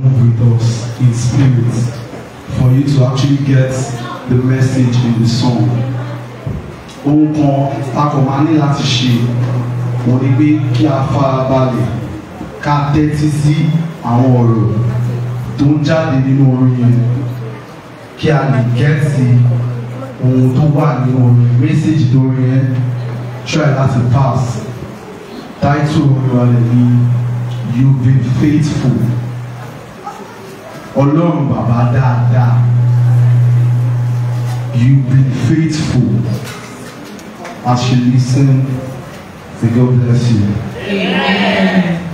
move with us in spirit for you to actually get the message in the song. Ohun kan takọ̀ máa ní láti ṣe wọ́n ní pé kí a fara balẹ̀ ká tẹ́tí sí àwọn ọ̀rọ̀ tó ń jáde nínú orin yẹn kí a lè gẹ́ẹ̀sì ohun tó wà nínú orin mẹ́sẹ̀gì tó rin yẹn try láti pass title orin wa lè you been faithful. ọlọ́run bàbá dáadáa you be faithful as you listen to God bless you. Amen.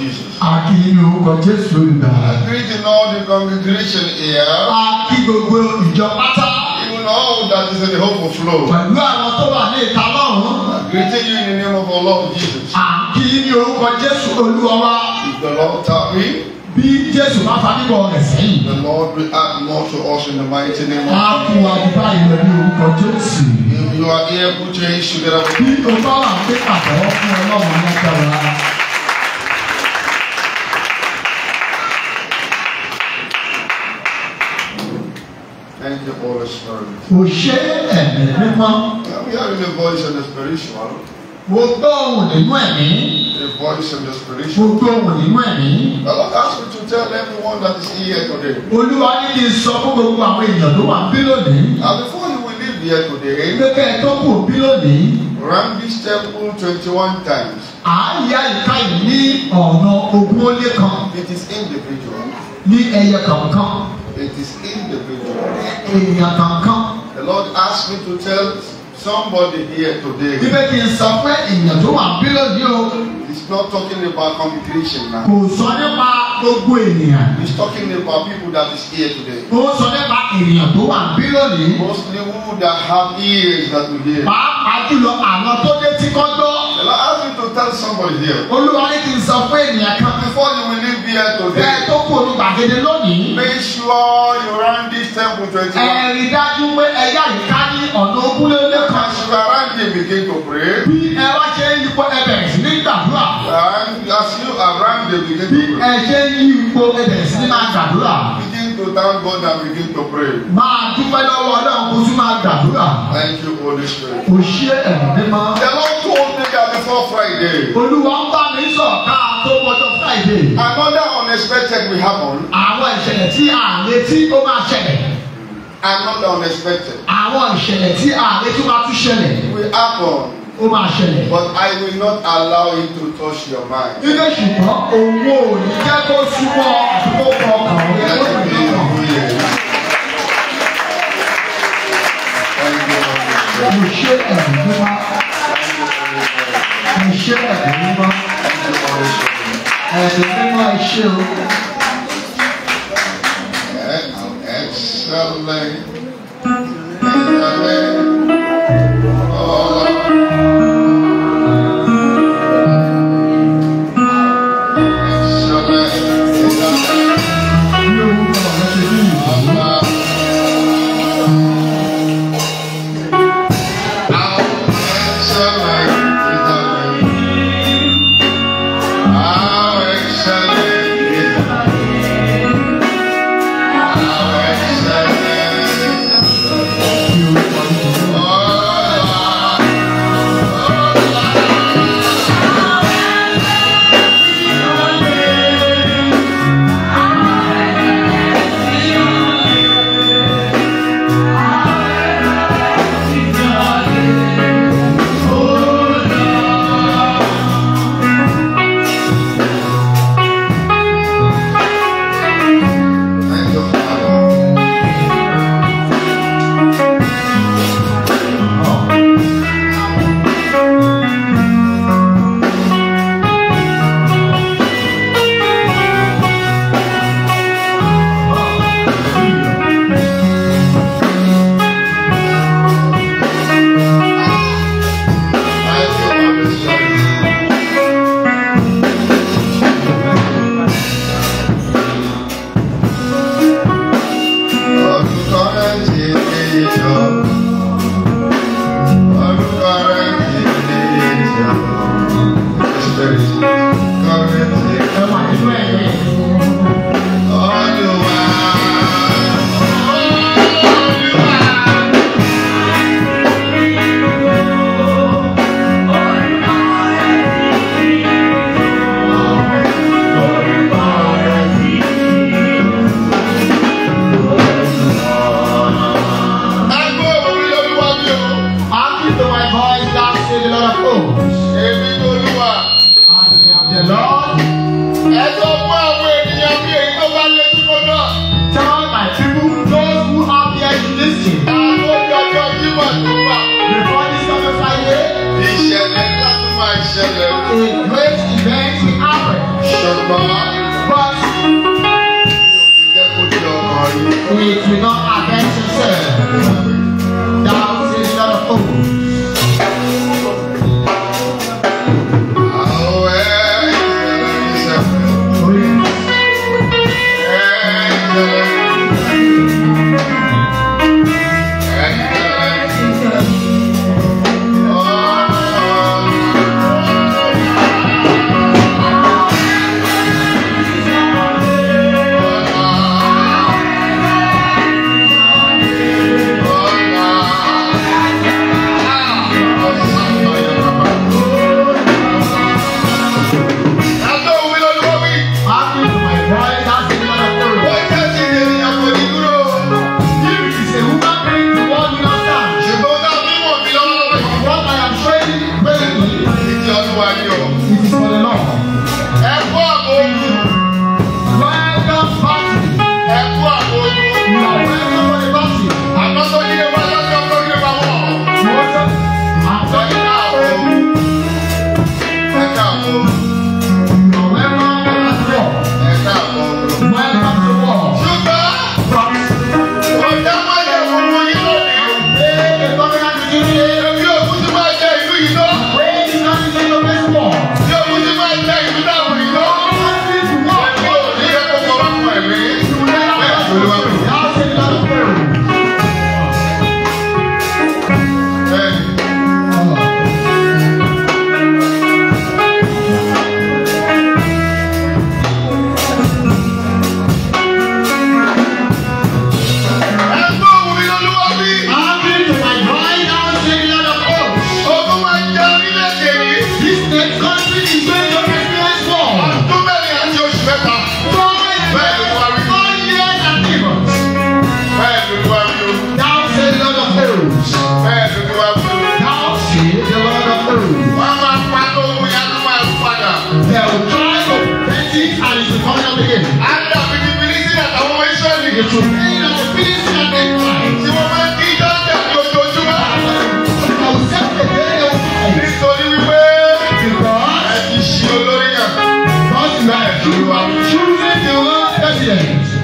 Jesus. A orúkọ Jésù olùdàrà. I greet in all the congregation here. A kí gbogbo ìjọ pátá. Even all that is in the hope of flow. Pẹ̀lú àwọn tó wà ní ìta lọ́rùn. I you in the name of our Lord Jesus. A kí orúkọ Jésù Olúwa wa. If the Lord tap me bí jésù bá fa níbọ̀ rẹ̀ sẹ́yìn. the lord will add more to us in the mighty name of. a kú àdúrà ìwé ní orúkọ jésù. you are here put your issue there. bí o bá wà pé àbọ̀ fún ọlọ́run lọ́kọ̀ọ́ra. Mo ṣe ẹ̀mí mímọ́. Mo gbọ́ ohùn nínú ẹ̀mí. a voice in the spiritual. Mo gbọ́ ohùn nínú ẹ̀mí. The Lord asked me to tell everyone that is here today. Olúwa ní kí n sọ fún gbogbo àwọn èèyàn tó wà ń bí lónìí. And before you will leave here today. Gbẹ́kẹ̀ tó kù bí lónìí. Run this temple twenty-one times. À á yá ìka yìí ní ọ̀nà ogún ó lé kan. It is individual. Ní ẹyẹ kọ̀ọ̀kan. It is individual ènìyàn kankan. The Lord asked me to tell somebody here today. Wípé kí n sọ pé ènìyàn tó wà bí lónìí o. He's not talking about congregation now. Kò sọ nípa gbogbo ènìyàn. He's talking about people that is here today. Ó sọ nípa ènìyàn tó wà bí lónìí. Mostly who that have ears that we hear. Pàápàá jùlọ àwọn tó dé tí kọ́ gbọ́. The Lord asked me to tell somebody here. Olúwa ní kí n sọ pé ènìyàn kan. Before you will leave here today. Bẹ́ẹ̀ tó kú gbàgede lónìí. Make sure you run this temple twenty one. Ẹ dájú pé ẹ̀yà yìí ká ní ọ̀nà ogúnlé lẹ́kọ̀ọ́. As you are here begin to pray. Bí ẹ wá ṣe ń yípo ẹbẹ̀ ní gbàdúrà. And as you are round here begin to pray. Bí ẹ ṣe ń yípo ẹbẹ̀ sí máa gbàdúrà. Begin to thank God and begin to pray. Máa dúpẹ́ lọ́wọ́ Ọlọ́run kó tún máa gbàdúrà. Thank you Holy Spirit. Kò ṣe ẹ̀mí mímọ́. The Lord told me that before Friday. Olúwa ń bá mi sọ̀ká láìpẹ́. another unexpected will happen. àwọn ìṣẹ̀lẹ̀ tí a retí ó máa ṣẹlẹ̀. another unexpected. àwọn ìṣẹ̀lẹ̀ tí a retí máa tún ṣẹlẹ̀. will happen. ó máa ṣẹlẹ̀. but I will not allow it to touch your mind. nígbà ṣùgbọ́n owó ò ní jẹ́ kó súnmọ́ àdúgbò kan mo ṣe ẹ̀bùn mímọ́ mo ṣe ẹ̀bùn mímọ́. And remember I showed excellent, excellent. You are choosing the Lord. Yes, yes.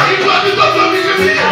I'm It was because of me.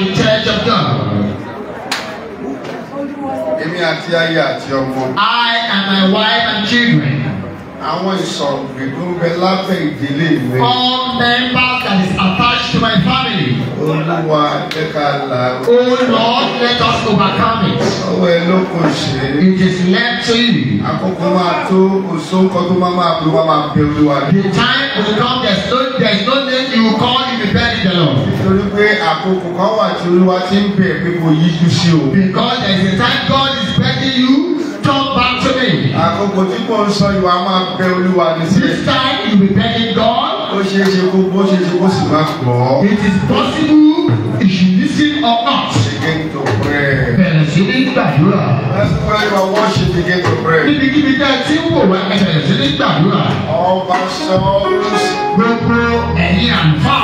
the church of God. Èmi àti aya àti ọmọ. I and my wife and children. Àwọn ìsọ̀rọ̀ gbẹ̀gbẹ̀ lábẹ́ ìdílé mi. All members that is attached to my family. Oh Lord, let us overcome it. It is left to you. The time will come there is no there is no name you will call if you beg the Lord. Because there is a time God is begging you turn back to me. This time you be begging God ó ṣeé ṣe kó bó ṣe ṣe kó sì máa gbọ́. it is possible if you listen or not. begin to pray. bẹ̀rẹ̀ sí ní gbàdúrà. that's why you are worship begin to pray. níbikíbi tá a ti ń wò wá ẹ bẹ̀rẹ̀ sí ní gbàdúrà. ọba sọ́ọ́lù. gbogbo ẹ̀yin àǹfààní.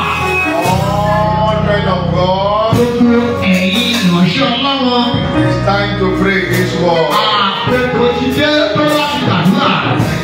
Children of God. Gbogbo ẹ̀yin ìránṣẹ́ ọlọ́run. It's time to pray this war. Àpèkò ti dé tó láti gbàdúrà.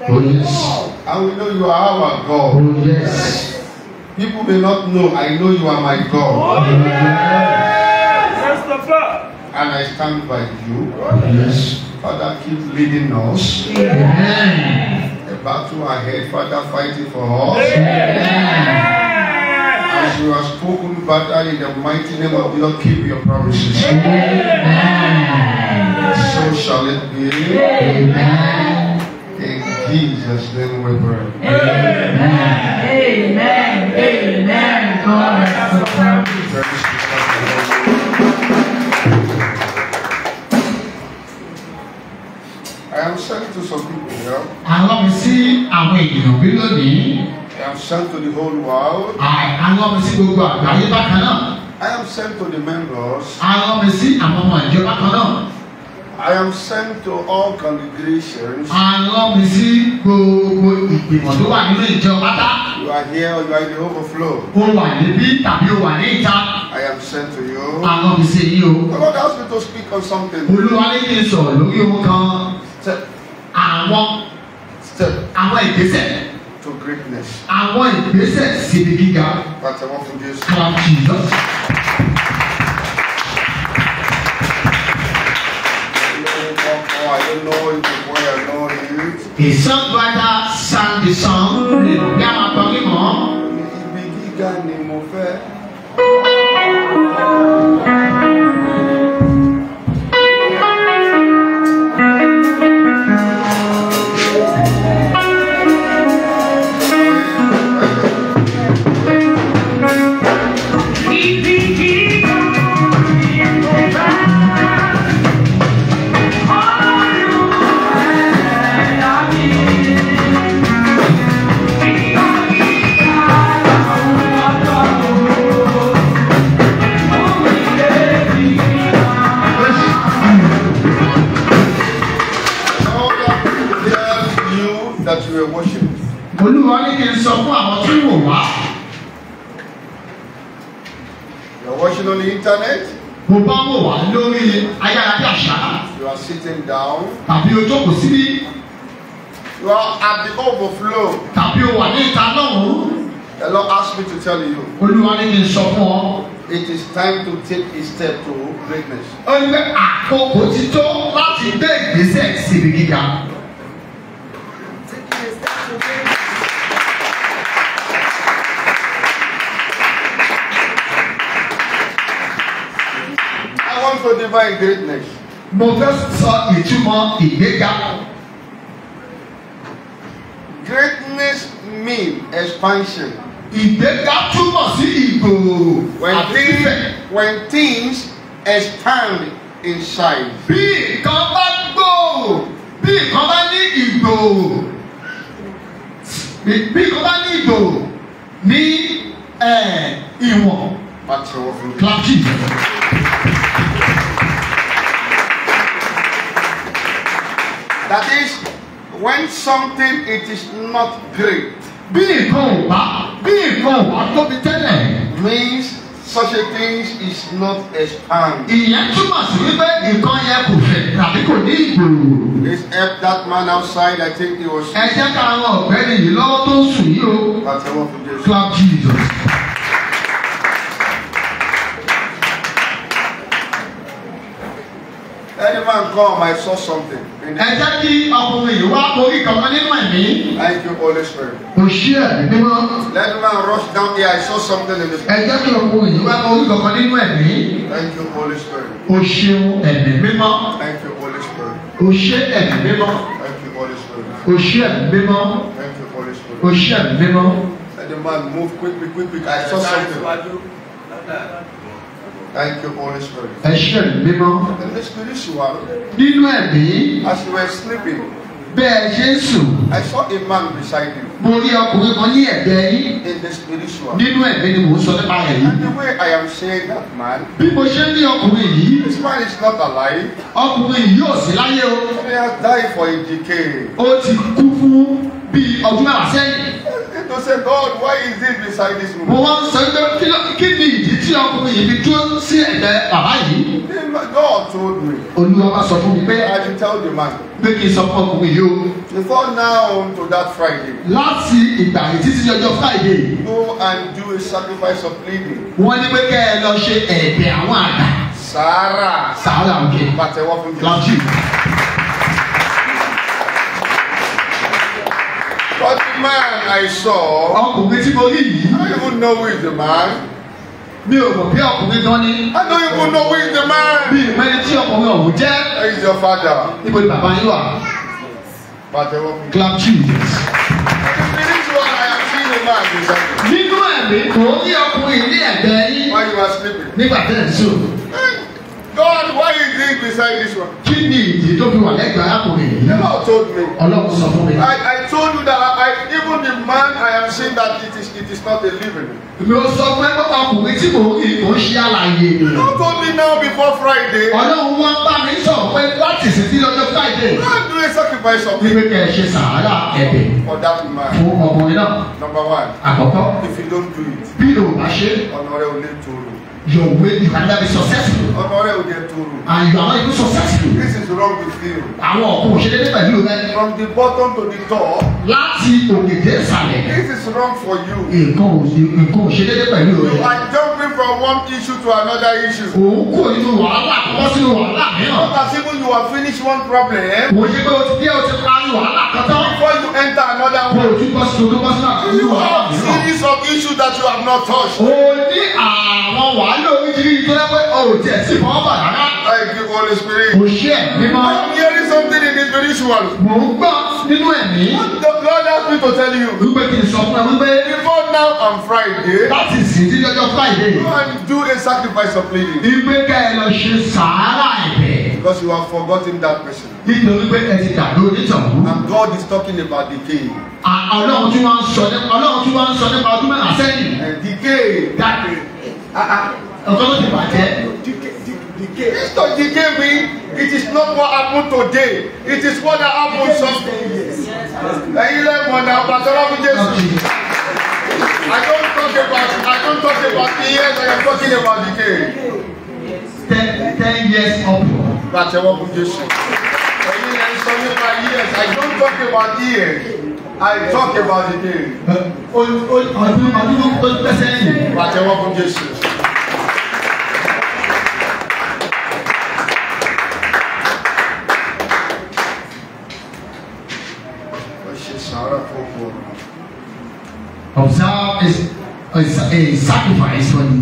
Oh yes. I will know you are our God. Oh yes. People may not know, I know you are my God. Oh yes. Oh, and I stand by you. Oh yes. Father, keep leading us. Amen. The battle ahead, Father, fighting for us. Amen. As you have spoken, Father, in the mighty name of God, keep your promises. Amen. So shall it be. Amen. Jesus' name we pray. Amen. Amen. Amen. God bless I am sent to some people here. Àwọn mi sí àwọn ènìyàn bí lónìí. I am sent to the whole world. Àwọn mi sí gbogbo àgbáyé bákan náà. I am sent to the members. Àwọn mi sí àwọn ọmọ ìjọba kan náà. I am sent to all congregations. Àwọn mi sí gbogbo ìgbìmọ̀ tó wà nínú ìjọ pátá. You are here or you are in the overflow. O wà níbí tàbí o wà ní ìta. I am sent to you. Àwọn mi sí yìí o. God Lord asked me to speak on something. Olúwa ní kí n sọ̀rọ̀ lórí ohun kan. Step. Àwọn. Step. Àwọn ìgbésẹ̀. To greatness. Àwọn ìgbésẹ̀ síbi gíga. Pàtẹ́wọ́ fún Jésù. Clap Jesus. He sang you before The sang the song. Bí a máa tọ́ kí mọ́. olúwa ní kí n sọ fún àwọn tí wò wá. You are watching on the internet. Mo bá wò wá lórí ayárabíàṣá. You are sitting down. Tàbí o jókòó síbí. You are at the overflow. Tàbí o wà ní ìta lọ́hùn The Lord asked me to tell you. Olúwa ní kí n sọ fún ọ. It is time to take a step to greatness. Ó ní pé àkókò ti tó láti gbé ìgbésẹ̀ síbi gíga. also divine greatness. Mo fẹ́ sọ ìtumọ̀ ìgbéga. Greatness means expansion. Ìgbéga túmọ̀ sí ìgbòòrò àti ìfẹ́. When things expand in size. Bí nǹkan bá gbòòrò, bí nǹkan bá ní ìgbòòrò, bí nǹkan bá ní ìgbòòrò ní ìwọ̀n. Clap it. That is, when something it is not great. Bí nǹkan ò bá bí nǹkan ò bá Means such a thing is not expand. Ìyẹn túmọ̀ sí wípé nǹkan yẹn kò fẹ̀ tàbí kò ní ìgbòho. This help that man outside I think he was. Ẹ jẹ́ ká àwọn ọ̀gbẹ́ni yìí lọ́wọ́ tó ń sùn yìí o. Clap Jesus. man come, I saw something. Ẹ jẹ́ kí ọkùnrin yìí wá orí kankan nínú ẹ̀mí. Thank you Holy Spirit. Kò ṣí ẹ̀mí mímọ́. Let me rush down here, I saw something in the spirit. Ẹ jẹ́ kí ọkùnrin yìí wá orí kankan nínú ẹ̀mí. Thank you Holy Spirit. O ṣeun ẹ̀mí mímọ́. Thank you Holy Spirit. O ṣe ẹ̀mí mímọ́. Thank you Holy Spirit. O ṣe ẹ̀mí mímọ́. Thank you Holy Spirit. O ṣe ẹ̀mí mímọ́. Let the man move quick, quick, quick. I saw something. Thank you, Holy Spirit. Ẹ ṣe ẹ̀mí mímọ́. The mystery is one. Nínú ẹ̀mí. As you were sleeping. Bẹ́ẹ̀ ṣe I saw a man beside you. Mo rí ọkùnrin kan ní ẹ̀gbẹ́ yín. In the spiritual. Nínú ẹ̀mí ni mò ń sọ nípa rẹ̀ yìí. And the way I am saying that man. Bí mo ṣe ń rí ọkùnrin yìí. This man is not alive. Ọkùnrin yìí yóò sí láyé o. He has died for a decade. Ó ti kú fún bíi ọdún mẹ́wàá to say God why is it beside this woman. mo wá ń sọ pé kí ni ìdí tí ọkùnrin yìí fi dúró sí ẹ̀gbẹ́ bàbá yìí. God told me. olúwa sọ fún mi pé. I should tell the man. pé kí n sọ fún ọkùnrin yìí o. before now to that Friday. láti ìgbà yìí títí di ọjọ́ Friday. go and do a sacrifice of pleading. wọ́n ní pé kẹ́ ẹ lọ ṣe ẹ̀bẹ̀ àwọn àgbà. sàárà. sàárà òkè. pàtẹ́wọ́ fún Jésù. lọ́jì. But the man I saw. Ọkùnrin tí mo rí yìí. I don't even know who is the man. Mi ò mọ̀ bí ọkùnrin gan ni. I don't even know who is the man. Mi ò mẹ́ni tí ọkùnrin ọ̀hún jẹ́. Where is your father? Níbo ni bàbá yín wà? Pàtẹ́wọ́. Clap cheers. Nínú ẹ̀mí kò ní ọkùnrin ní ẹ̀gbẹ́ yín. Why you are sleeping? Nígbà tẹ̀ ń sùn. God, why you drink beside this one? Kí ni ìdí tó fi wà lẹ́gbẹ̀ẹ́ arákùnrin yìí? You never told me. Ọlọ́run sọ fún mi. I I told you that I even the man I am seeing that it is it is not a living. Mi ò sọ pé ọkùnrin tí mò ń rí kò ń ṣe àlàyé ènìyàn. You told me now before Friday. Ọlọ́run wá bá mi sọ pé láti sì sí lọ́jọ́ Friday. You don't do a sacrifice of me. Ibi kẹ̀ ṣe sàárà ẹ̀bẹ̀. For that man. Fún ọkùnrin náà. Number one. Àkọ́kọ́. If you don't do it. Bí o bá ṣe. Ọ̀nà rẹ̀ ò lè tó o your way you can never be successful. ọmọ rẹ jẹ toro. and you are not even successful. this is wrong with you. àwọn ọkọ òṣèré ní pẹ̀lú rẹ. from the bottom to the top. láti òkè dé ìsàlẹ̀. this is wrong for you. nǹkan nǹkan òṣèré ní pẹ̀lú rẹ. you are jumping from one issue to another issue. òun kò nínú wàhálà kọ́ sínú wàhálà mìíràn. not as even you have finished one problem. kò ṣe pé o ti dé o ti parí wàhálà kan before you enter another one. kò o tún bọ́ sínú tó bọ́ sínú àkókò wàhálà mìíràn. you have series of issues that you have not touched. o ní àwọn wàhálà àdúrà omi ti rí i tó yẹ pé ọrùn tiẹ̀ sí fọwọ́ bà rárá. Thank you Holy Spirit. Mo ṣe ẹ̀ I'm hearing something in the spiritual. Mo ń gbọ́ nínú ẹ̀mí. The Lord asked me to tell you. Wípé kí n sọ fún ẹ wípé. Before now on Friday. Láti sì ti jọjọ Friday. Go and do a sacrifice of pleading. Ìgbéga ẹ lọ ṣe sàárà ẹ̀bẹ̀. Because you have forgotten that person. Nítorí pé ẹ ti dàdó onítọ̀hún. And God is talking about decay. Ọlọ́run tí wọ́n ń sọ nípa ọdún mẹ́ta sẹ́yìn. Decay. Dàdé. Ah, ah nǹkan tó ti bàjẹ́. This to decay me, it is not what happen today, it is what that happen someday. Ẹyin lẹ́gbọ̀n náà Pàṣọ́lá fún Jésù. I don talk about I don talk about the years I am talking about decay. Ten ten years upward. Pàṣẹwọ́ fún Jésù. Ẹyin lẹ́yìn sọ nípa years, I don talk about years. I talk about the day. Ọdún ọdún tó gbẹ́sẹ̀ yìí. Pàṣẹwọ́ fún Jésù. observe is is a sacrifice for the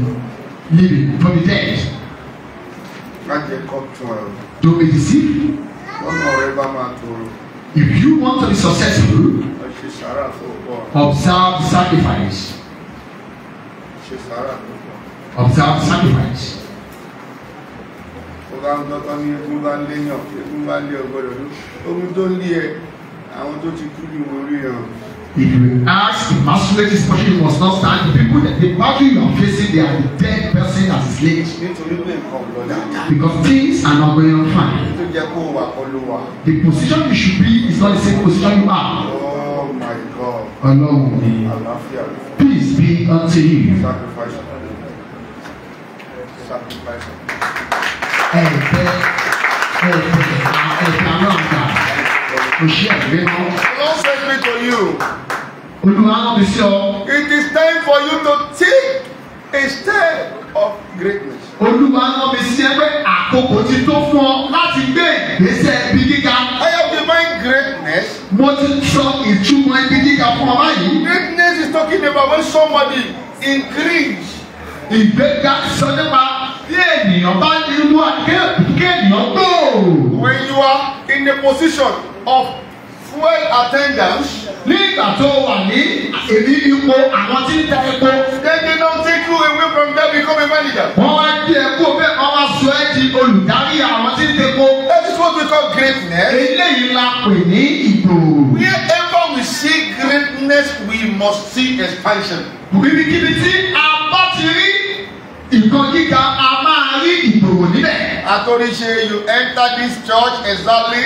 living for the dead. to be deceived. if you want to be successful. observe sacrifice. observe sacrifice. àwọn tó ti kú ní orí ẹ̀hàn. If you ask, if masquerade this portion, you must not stand. The people, that the battle you are facing, they are the dead person that is late. Because things are not going on fine. The position you should be is not the same position you are. Oh my God. Peace be unto you. Sacrifice. Sacrifice. Ẹ̀ẹ́dẹ́ ẹ̀ẹ́dẹ́ ẹ̀ẹ́dẹ́ náà dà the Lord says me to you. it is time for you to take a step of greatness. Olúwa rán mi sí ẹ pé àkókò ti tó fún ọ láti gbé ìgbésẹ̀ ibi gíga. I have divine greatness. Mo ti sọ ìtumọ̀ ibi gíga fún ọ báyìí. Greatness is talking about when somebody increase. Ìgbéga sọ nípa bí ènìyàn bá ní irú àkéèkì ènìyàn gbòòrò. When you are in a position of fuel attendants nígbà tó wà ní èmi ipò àwọn tí ń ta epo. they did not take you away from there become a manager. wọ́n wá di ẹ̀kọ́ bẹ́ẹ̀ wọ́n wá sọ ẹ́ di olùdarí àwọn tí ń tepo. that is what we call greatness. eléyìí la pè ní ìgbòho. wherever we see greatness we must see expansion. ibikíbi tí a bá ti rí nǹkan gíga a máa rí ìgbòho níbẹ̀. àtòrí ṣe you enter this church exactly.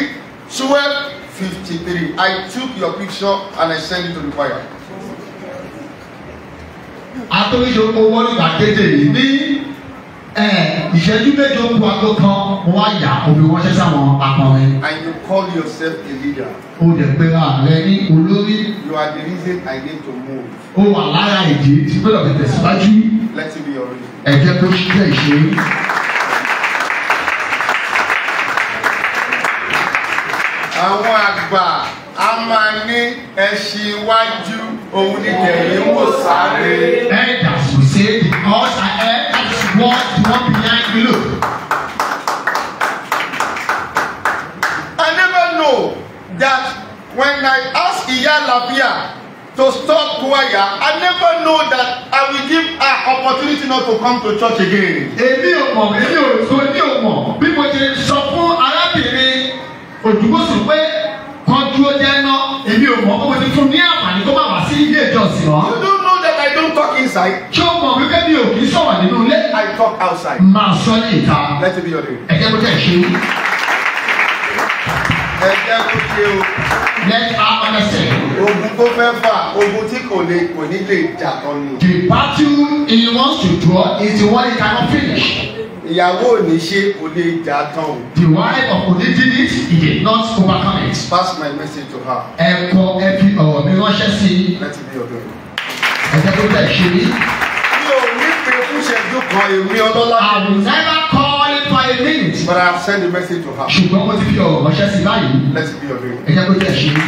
12.53. I took your picture and I sent it to the choir. Atóríṣoko wọ́n nígbà kéde ní ìṣẹ́jú méje okùn aago kan wá yà òbí wọn ṣẹ́ sáwọn akọrin. And you call yourself a leader. O dẹ̀ pé ààrẹ ní olórí. You are the reason I need to move. O wà lára ìdí tí gbọ́dọ̀ fi tẹ̀síwájú. Let it be your reason. Ẹ jẹ́ kó ṣe ìṣe. àwọn àgbà a máa ní ẹṣin iwájú òun ní kẹ̀yìn wò sáré. elders will say the gods are elders what the one behind I never know that when I ask Iya Labia to stop choir I never know that I will give her opportunity not to come to church again. èmi ò mọ̀ èmi ò tó èmi ò mọ̀ bí mo ṣe sọ fún olùkóso pé tọ́jú ó jẹ́ ná èmi ò mọ̀ mo ti fún ní àǹfààní tó bá wá sí ilé ìjọsìn náà. you don't know that I don't talk inside. ṣé o mọ̀ wípé mi ò kì í sọ̀rọ̀ nínú ilé. I talk outside. máa sọ ní ìta. let it be your name. ẹ jẹ́ kó tẹ̀ ṣe. ẹ jẹ́ kó ṣe o. let her understand. ogun tó fẹ́ fà ogun tí kò lè kò ní lè jà tán ni. the battle he wants to draw is the one he cannot finish ìyàwó oníṣe kò lè jà tán o. the wife of Onídìrí he did not overcome it. pass my message to her. ẹ kọ ẹ fi ọ̀rọ̀ mi ránṣẹ́ sí i. let it be your day. ẹ jẹ́ kó bẹ́ẹ̀ ṣe mí. mi ò ní pe fúnṣẹ́jú kan èmi ọlọ́lá. I will never call it for a minute. but I have sent a message to her. ṣùgbọ́n mo ti fi ọ̀rọ̀ ránṣẹ́ sí i báyìí. let it be your day. ẹ jẹ́ kó bẹ́ẹ̀ ṣe mí.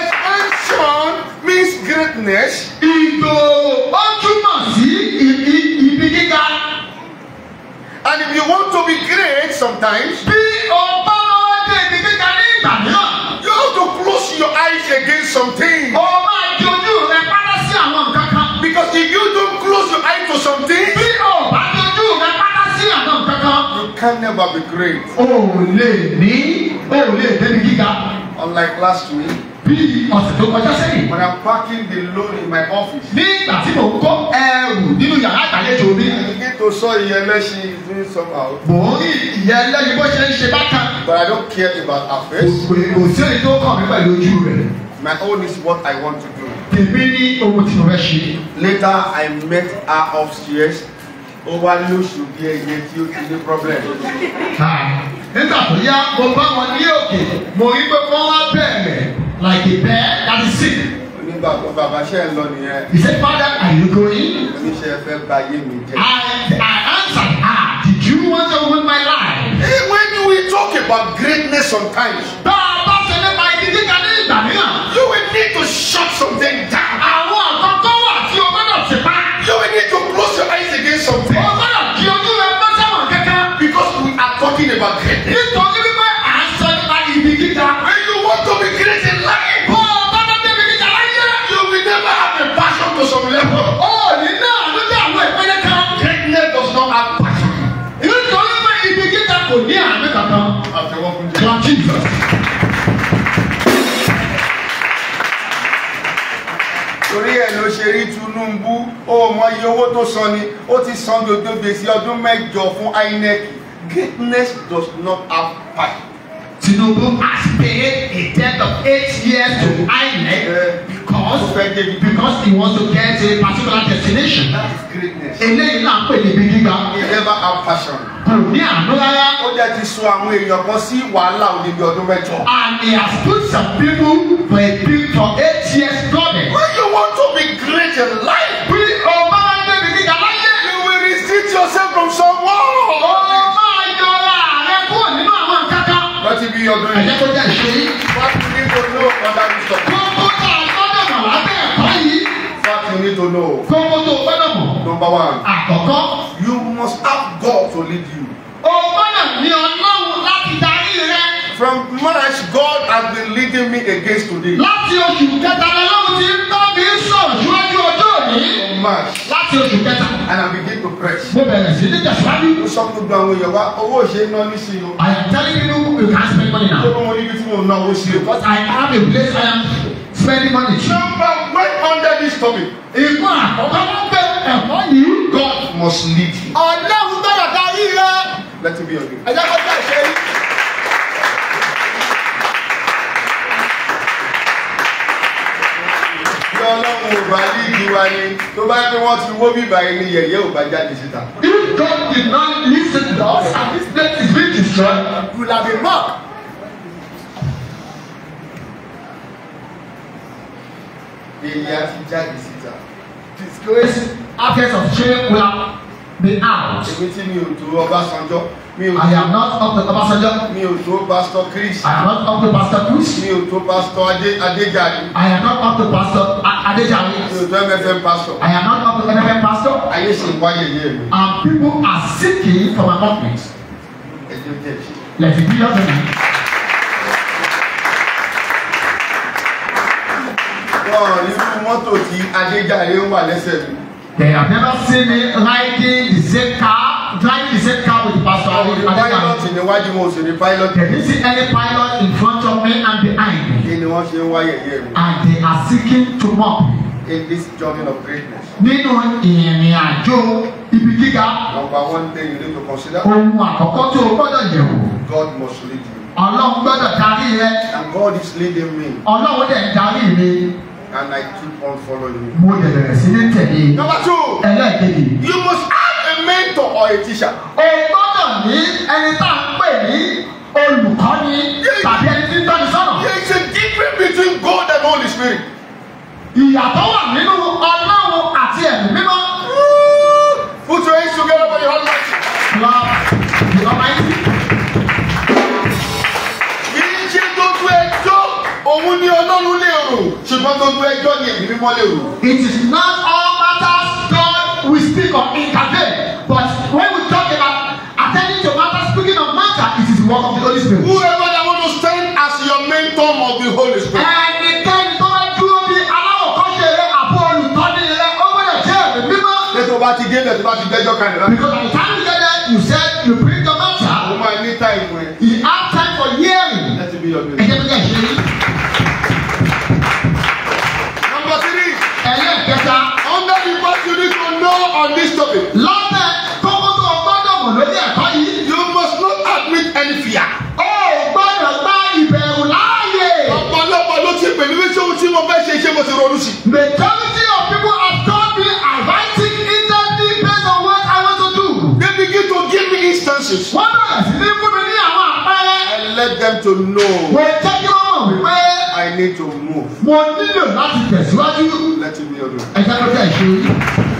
Expansion means greatness. Ìgò ọ̀rọ̀. And if you want to be great sometimes, bí You have to close your eyes against something. Because if you don't close your eyes to something. You can never be great. Unlike last week bí ọ̀sẹ̀ tó kọjá sẹ́yìn. when I'm packing the loan in my office. nígbà tí mò ń kó ẹrù nínú yàrá àgbàlejò mi. I begin to saw ìyẹn lẹ́sìn doing somehow. mò ń rí ìyẹn lẹ́yìn bó ṣe ń ṣe bákan. but I don't care about her face. kò sí èyí tó kàn mí pẹ̀lú ojú rẹ̀. My own is what I want to do. Tèmi ní owó tí mo fẹ́ ṣe. Later I met her upstairs ó wá lóṣù bí ẹyẹ tí ó ti ní problem. nígbà tó yá mo bá wọn ní òkè mo rí pé wọ́n wá bẹ̀rẹ̀ like a bear that is sick. Nígbà tó bàbá ṣe ń lọ nìyẹn. He said, Father, are you going? Oníṣẹ́ fẹ́ bà yé mi jẹ́. I I answered Ah, did you want to win my life? Hey, when we talk about greatness sometimes. Bá a bá ṣe nípa ìdíje kan ní ìgbà mìíràn. You will need to shut something down. iye owó tó san ni ó ti san gbogbo gbèsè ọdún mẹ́jọ fún INEC greatness does not have pie. Tinubu has paid a debt of eight years to INEC yeah. because because he wants to get a particular destination. That is greatness. Eléyìí náà pè ní ibi gíga. He never have passion. Kò ní àánú rárá. Ó jẹ́ ti sún àwọn èèyàn kan sí wàhálà odidi ọdún mẹ́jọ. And he has put some people for a period for eight years. When you want to be great in life. níbi ọdún yìí. àjẹkọjá ìṣe yìí. wọ́n ti ló ọ̀dà ìṣọ̀. gbogbo tá a mọ̀ lábẹ́ ẹ̀kọ́ yìí. wọ́n tó lò. gbogbo tó gbọ́dọ̀ mọ̀. number one. àkọ́kọ́. you must have God to lead you. o gbọ́dọ̀ ní ọlọ́run láti darí rẹ. from March God has been leading me against today. láti oṣù kẹta ti ń bá mi sọ̀ síwájú ọjọ́ òní. March. láti oṣù kẹta. and I begin to press. mo bẹ̀rẹ̀ sí ní tẹ̀síwájú. mo sọ fún gbogbo àwọn èèyàn owó ṣe é ná ní sí o. I am telling you you can spend money now. tó bá tí mo ná owó sí o. because I have a place I am spending money. number one under this topic. ìgbà ọ̀gá wọn bẹ ẹ̀kọ́ yìí. God must lead you. ọ̀dọ́ ń gbọ́dọ̀ darí rẹ. let me be your name. ẹ jẹ́ kó bẹ́ẹ̀ ṣe é. ọlọ́run ò bá ní ìdíwa ni tó bá pé wọ́n ti wó bíbá ẹni yẹ̀yẹ́ ò bá jáde síta. If God did not listen to us and this place is being destroyed, you will have a mark. Èyí á ti jáde síta. Disgrace, absence of shame will be out. Èmi tí mi ò tó Ọbásanjọ́ mi I am not up to Pastor John. Mi ò tó Pastor Chris. I am not up to Pastor Chris. Mi ò tó Pastor Adé Adéjàre. I am not up to Pastor Adéjàre. Mi ò tó MFM Pastor. I am not up to MFM Pastor. Ayé ṣe ń wáyé yé mi. And people are seeking for my company. Ẹ jẹ́ jẹ́ ṣe. Lẹ̀sìn bí yọ̀ọ́ sẹ́yìn. Wọ́n ní fún mọ́tò tí Adéjàre ń wà lẹ́sẹ̀ mi. They have never seen me riding the same car driving the same car with the pastor. I will be pilot in iwájú mo sì ní pilot. They didn't see any pilot in front of me and behind me. Kí ni wọ́n ṣe ń wáyé And they are seeking to mock In this journey of greatness. Nínú ìrìn àjò ibi gíga. Number one thing you need to consider. Ohun àkọ́kọ́ tó o gbọ́dọ̀ yẹ̀wò. God must lead you. Ọlọ́run gbọ́dọ̀ darí rẹ. And God is leading me. Ọlọ́run dẹ̀ ń darí mi. And I keep on following you. Number two. You must act mentor or a teacher. o gbọ́dọ̀ ní ẹni tá à ń pè ní olùkọ́ni tàbí ẹni tí ń tọ́ni sọ́nà. there is a difference between God and Holy Spirit. ìyàtọ̀ wà nínú ọlọ́run àti ẹ̀mí mímọ́. put your hands together for your hand light. lọ lọ òun ni ọlọ́run lè rò ṣùgbọ́n gbogbo ẹjọ́ ni ẹ̀mí mímọ́ lè rò. it is not all matters God will speak or intervene. work of the Holy Spirit. Whoever that want to stand as your mentor of the Holy Spirit. Ẹnikẹ́ni tó bá dúró bí aláwọ̀kọ́ṣe the àbọ̀ olùtọ́ni rẹ̀ ó gbọ́dọ̀ jẹ́ ẹ̀mí mímọ́. Lẹ́tọ̀ bá let's dé lẹ́tọ̀ bá ti gbẹ́jọ́ kan rẹ̀. Because by the time you get there, you said you bring the matter. Ó máa ní time rẹ̀. He had time for hearing. Let it be your business. mo ti ronú sí. majority of people have told me are writing intently based on what I want to do. they begin to give me instances. wọ́n bẹ̀rẹ̀ sí fún mi ní àwọn àpẹẹrẹ. I let them to know. mo jẹ́ kí wọ́n mọ̀ I need to move. mo nílò láti tẹ̀síwájú. let me know. ẹ jẹ́ tẹ̀ ṣe.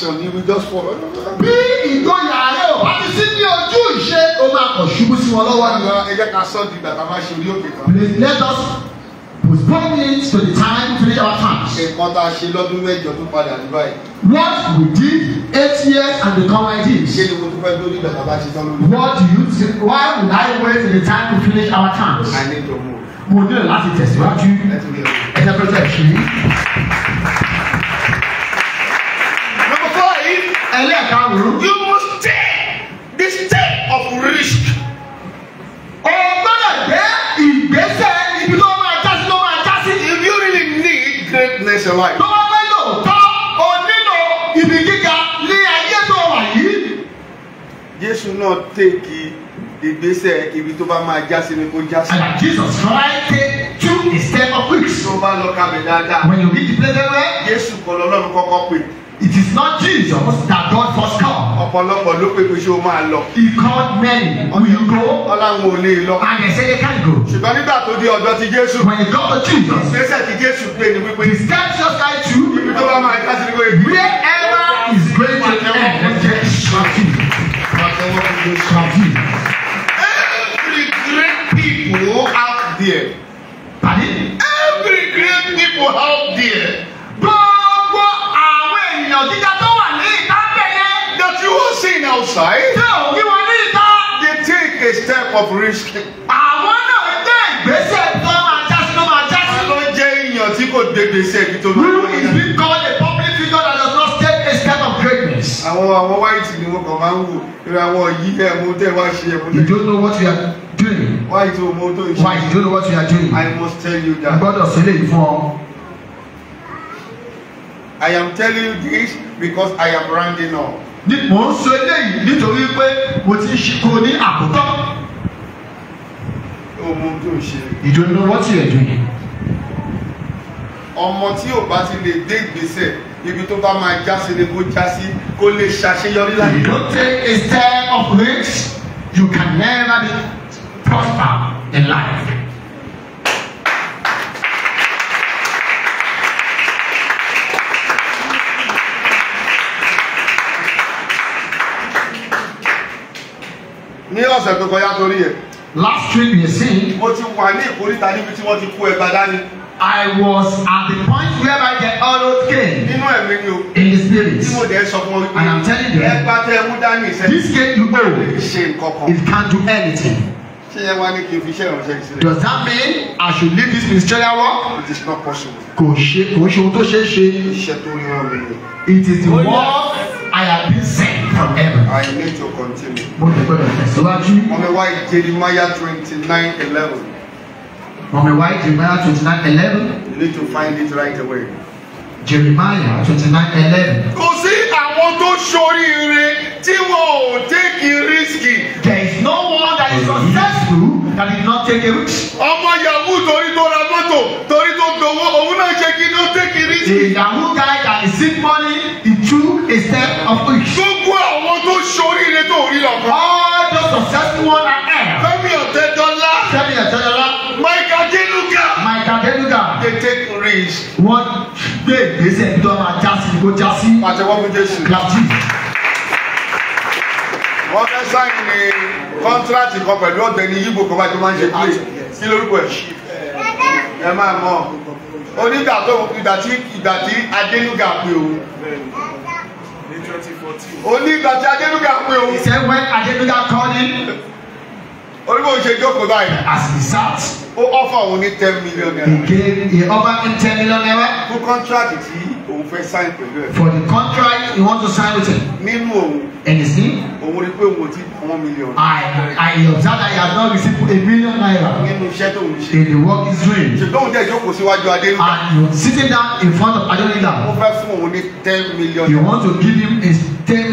action ni we just follow. bí ìgboyà rẹ ò bá ti sí ní ojú ìṣe o máa kàn ṣubú sí wọn lọ́wọ́ ni. ẹ ká sọ́ di ìgbà tá a máa ṣe orí òkè kan. please let us postpone it to the time to reach our time. nǹkan tá a ṣe lọ́dún mẹ́jọ tó padà ní báyìí. what we did eight years and the current is. ṣé ni mo tún fẹ́ lórí ìgbà tá a bá what do you think why would I wait till the time to finish our time. I need to move. mo nílò láti tẹ̀síwájú. ẹ jẹ́ pé àwòrán. you must take the step of risk. o gbọ́dọ̀ jẹ́ ìgbésẹ̀ ibi tó máa já sí tó máa já sí. if you really need greatness in life. tó bá fẹ́ lò tọ́ o nílò ibi gíga ní ayé tó wà yìí. Jésù náà tèkì ìgbésẹ̀ ibi tó bá máa já sí ni kó já sí. and Jesus Christ take two instead of risk. tó bá lọ kábẹ̀ dáadáa. when you read the place well. Jésù kọ́ lọ́lọ́run kọ́kọ́ pè. It is not Jesus that God first called. Ọ̀pọ̀lọpọ̀ ló pé pèsè o máa lọ. He called many. Will you go? Ọláhun ò lè lọ. And they say they can't go. Ṣùgbọ́n nígbà tó di ọ̀dọ̀ ti Jésù. When he got to Jesus. Ìgbésẹ̀ ti Jésù pé ni wípé. The steps just like you. Ibi tó bá máa já sí wípé. Wherever is great to end. Every great people out there. Pardon? Every great people out there. outside. Ṣé ò kí wọn ní ìta? They take a step of risk. Àwọn náà gbé ìgbésẹ̀ kan àjásí ló máa jásí. Wọ́n ló jẹ́ èèyàn tí kò dédé sí ẹ̀kí tó lọ́wọ́ yẹn. Who is being called a public figure that does not take a step of greatness? Àwọn àwọn white ni wọ́n kàn máa ń wò. Ìrìn àwọn yìí ẹ̀ mú tẹ́ wá ṣe ẹ̀mú You don't know what you are doing. Why you don't know what you are doing? Why you don't know what you are doing? I must tell you that. Gbọ́dọ̀ sílẹ̀ fún ọ. I am telling you this because I am rounding up mò ń sọ eléyìí nítorí pé mo ti ń ṣìkò ní àkótọ́. ìjọ inú wọn ti rẹ̀ jù yẹn. ọmọ tí ò bá ti lè dé ìgbésẹ̀ ibi tó bá máa já ni kó já kó lè ṣàṣeyọrí láyé. you don't take a step of risk you can never be prosper in life. ní ọ̀sẹ̀ tó kọjá torí ẹ̀. last week you see. mo ti wà ní ìkórìtà níbi tí wọ́n ti kó ẹgbàá dání. I was at the point where I get all those cane. Nínú ẹ̀mí ni o. In the spirit. Tí mo dẹ̀ sọ fún ọ. And I'm telling you. Ẹgbà tẹ ẹmú dání ìṣẹ́. This cane you owe. Ṣé nǹkan kan. It can't do anything. Ṣé ẹ wá ní kí n fi iṣẹ́ ìrànṣẹ́ ìṣẹ̀lẹ̀? Does that mean I should leave this ministerial work? It is not possible. Kò ṣe kò ṣe ohun tó ṣe é ṣe. Iṣẹ́ tó ní ọ̀rọ̀ mi. It is the oh, work I have been sent forever. I need to continue. Mo ti gbọ́dọ̀ tẹ̀síwájú. Jeremiah twenty nine eleven. Mo Jeremiah twenty nine eleven. You need to find it right away. Jeremiah twenty nine eleven. Kò sí àwọn tó ṣoríire tí wọn ò take a risk. There is no one that is successful that did not take a risk. Ọmọ Yahoo torí tó ra mọ́tò torí tó gbowó òun náà ṣe kí ló take a risk. The Yahoo guy that is sick money he took a step of risk sóríire tó rí lọ. all those successful one are air. Fẹ́mi Ọ̀tẹ́dọ́lá. Fẹ́mi Ọ̀tẹ́dọ́lá. Michael Deluca. Michael Deluca. They take risk. Wọ́n gbé ìgbésẹ̀ bí wọ́n máa já sí kó já sí. Pàtẹ́wọ́ fún Jésù. Clapton. Wọ́n fẹ́ sáyìn ní kọ́ńtíráàtì kan pẹ̀lú ọ̀dẹ̀ ní Yíbo kan bájú máa ń ṣe pé kí lórúkọ ẹ̀ ẹ máa mọ̀ onígbà tó ìgbà tí ìgbà tí Adéluga pé o. Oní ìgbà tí Adéluga pé o. He said when Adéluga called him. Olúwo ṣe jókòó báyìí. As he sat. Ó offer òun ní ten million naira. He gave he offered him ten million naira. Fún contract tí òun fẹ́ sign pẹ̀lú ẹ̀. For the contract he want to sign with him. Nínú òun. And his team. Òun rí pé òun ti one million. I I observe that he has not received a million naira. Nínú iṣẹ́ tó ń ṣe. In the work he's doing. Ṣùgbọ́n òun jẹ́ ìjókòó síwájú Adéluga. And you sitting down in front of Adéluga. Ó fẹ́ fún òun ní ten million. You want to give him a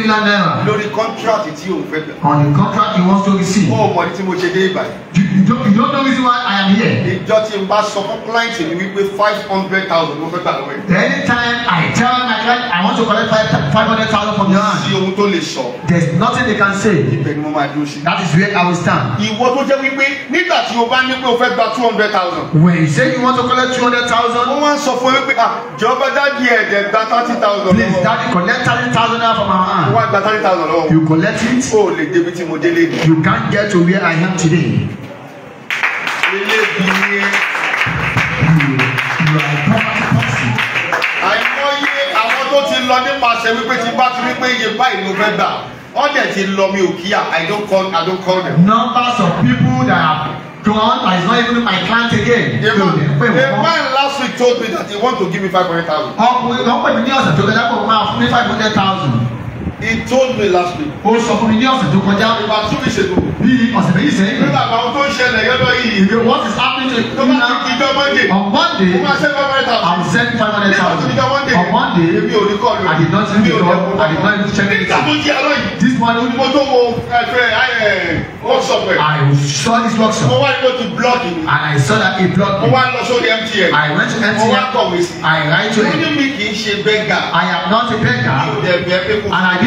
million naira. lórí contract tí o fẹ́ gbà. on the contract he wants to receive. ó mọ̀ ní tí mo ṣe dé ìbàdàn. you you don't know reason why I am here. ìjọ tí n bá sọ fún client mi wípé five hundred thousand mo fẹ́ gbà lọ́wọ́ ẹ̀. anytime I tell my client I want to collect five five hundred thousand from your hand. sí ohun tó lè sọ. there is nothing they can say. ibẹ̀ ni mo máa dúró sí. that is where I will stand. ìwọ tó jẹ́ wípé nígbà tí o bá ní pé o fẹ́ gba two hundred thousand. when you say you want to collect two hundred thousand. wọ́n wá ń sọ fún ẹ wípé ah jọba dáàdi ẹ̀ẹ́dẹ̀ gba thirty thousand. please dáàdi collect thirty thousand naira from our hand wá gba thirty thousand lọ́wọ́. you collect it. o lè débi tí mo délé. you can't get to where I am today. ilé bi ni. you are property person. àìmọye àwọn tó ti lọ nípasẹ̀ wípé ti bá ti wípé iye báyìí ló fẹ́ gbà wọ́n dẹ̀ ti lọ mi ò kíyà I don't call I don't call them. numbers of people that are gone that is not even my client again. The, so, the man last week told me that he want to give me five hundred thousand. ọkùnrin ọkùnrin mi ní ọ̀sẹ̀ tó kẹ́lẹ́ kó máa fún mi five hundred thousand. He told me last week. Ó sọ fún mi ní ọ̀sẹ̀ tó kọjá. Ìgbà two weeks ago. Bí ọ̀sẹ̀ méjì sẹ́yìn. Nígbà àwọn tó ń ṣẹlẹ̀ yọ́dọ̀ yìí. Ìgbà what is happening to you now? Tó bá ti jọ Monday. On Monday. Mo máa send five hundred thousand. I will send five hundred thousand. Nígbà tó ti jọ Monday. On Monday. Èmi ò ní call you. I did not send you call. I did not check it Nígbà tó ti àárọ̀ yìí. This morning. Mo tó wo eh, eh, eh, workshop rẹ̀. I saw this workshop. Mo wá ní mo ti block And I saw that he blocked me. Mo wá lọ sórí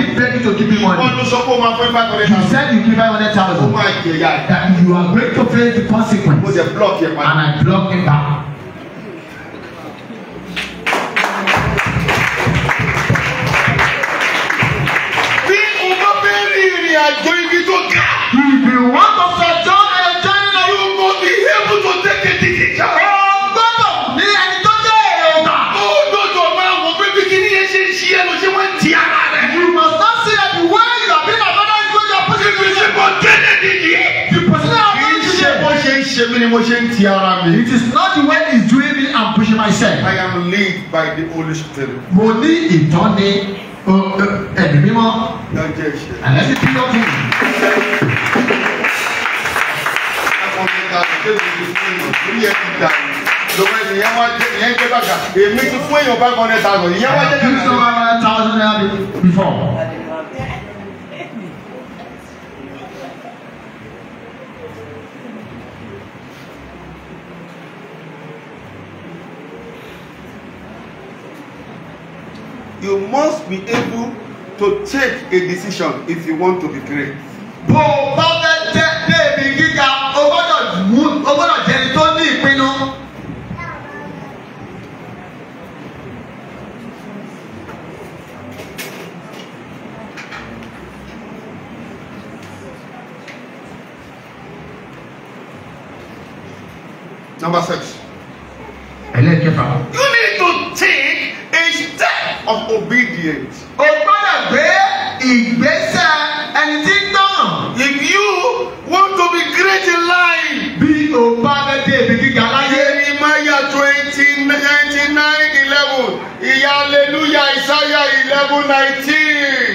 didn't beg you to give me money. You said you give five hundred thousand. That you are going to face the consequence. And I block him back. Bí o bá fẹ́ rí ìrìn àjò ibi tó ga. If you want to settle. ṣe mí ni mo ṣe ń ti ara mi. it is not the way it's doing me I'm pushing myself. I am led by the Holy Spirit. mo ní ìtọ́ni ẹ̀mí mímọ́. and let me tell you something. lọ́wọ́ wá jẹ́ ìyẹn jẹ́ bàgà èmi ti fún èèyàn bá gan-an ẹ̀ta lọ ìyẹn wá jẹ́ bàgà. I have used over one thousand naira before. you must be able to take a decision if you want to be great. bó o bá fẹ́ jẹ́ débi gíga o gbọ́dọ̀ mú o gbọ́dọ̀ jẹni tó ní ìpinnu. Number six. Ẹlẹ́kẹ̀fà. You need to think of obedience. O gbọ́dọ̀ gbé ìgbésẹ̀ ẹni tí ń tàn. If you want to be great in life. Bí o bá fẹ́ dé ibi gíga láyé. Jeremiah twenty twenty nine eleven ìyá hallelujah Isaiah eleven nineteen.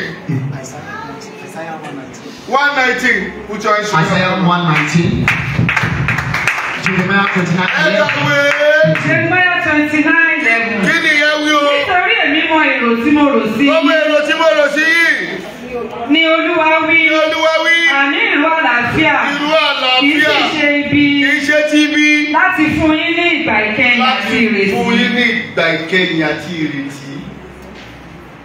One nineteen. Put your hands together. Isaiah one nineteen. Jeremiah twenty nine. Jeremiah twenty nine èmi mọ èrò tí mo rò sí. Gbogbo èrò tí mo rò sí yìí. Ni Olúwa wí. Ni Olúwa wí. Àní ìlú àlàáfíà. Ìlú àlàáfíà. Kì í ṣe ibi. Kì í ṣe ti Láti fún yín ní ìgbà ìkẹyìn àti ìrètí. Láti fún yín ní ìgbà ìkẹyìn àti ìrètí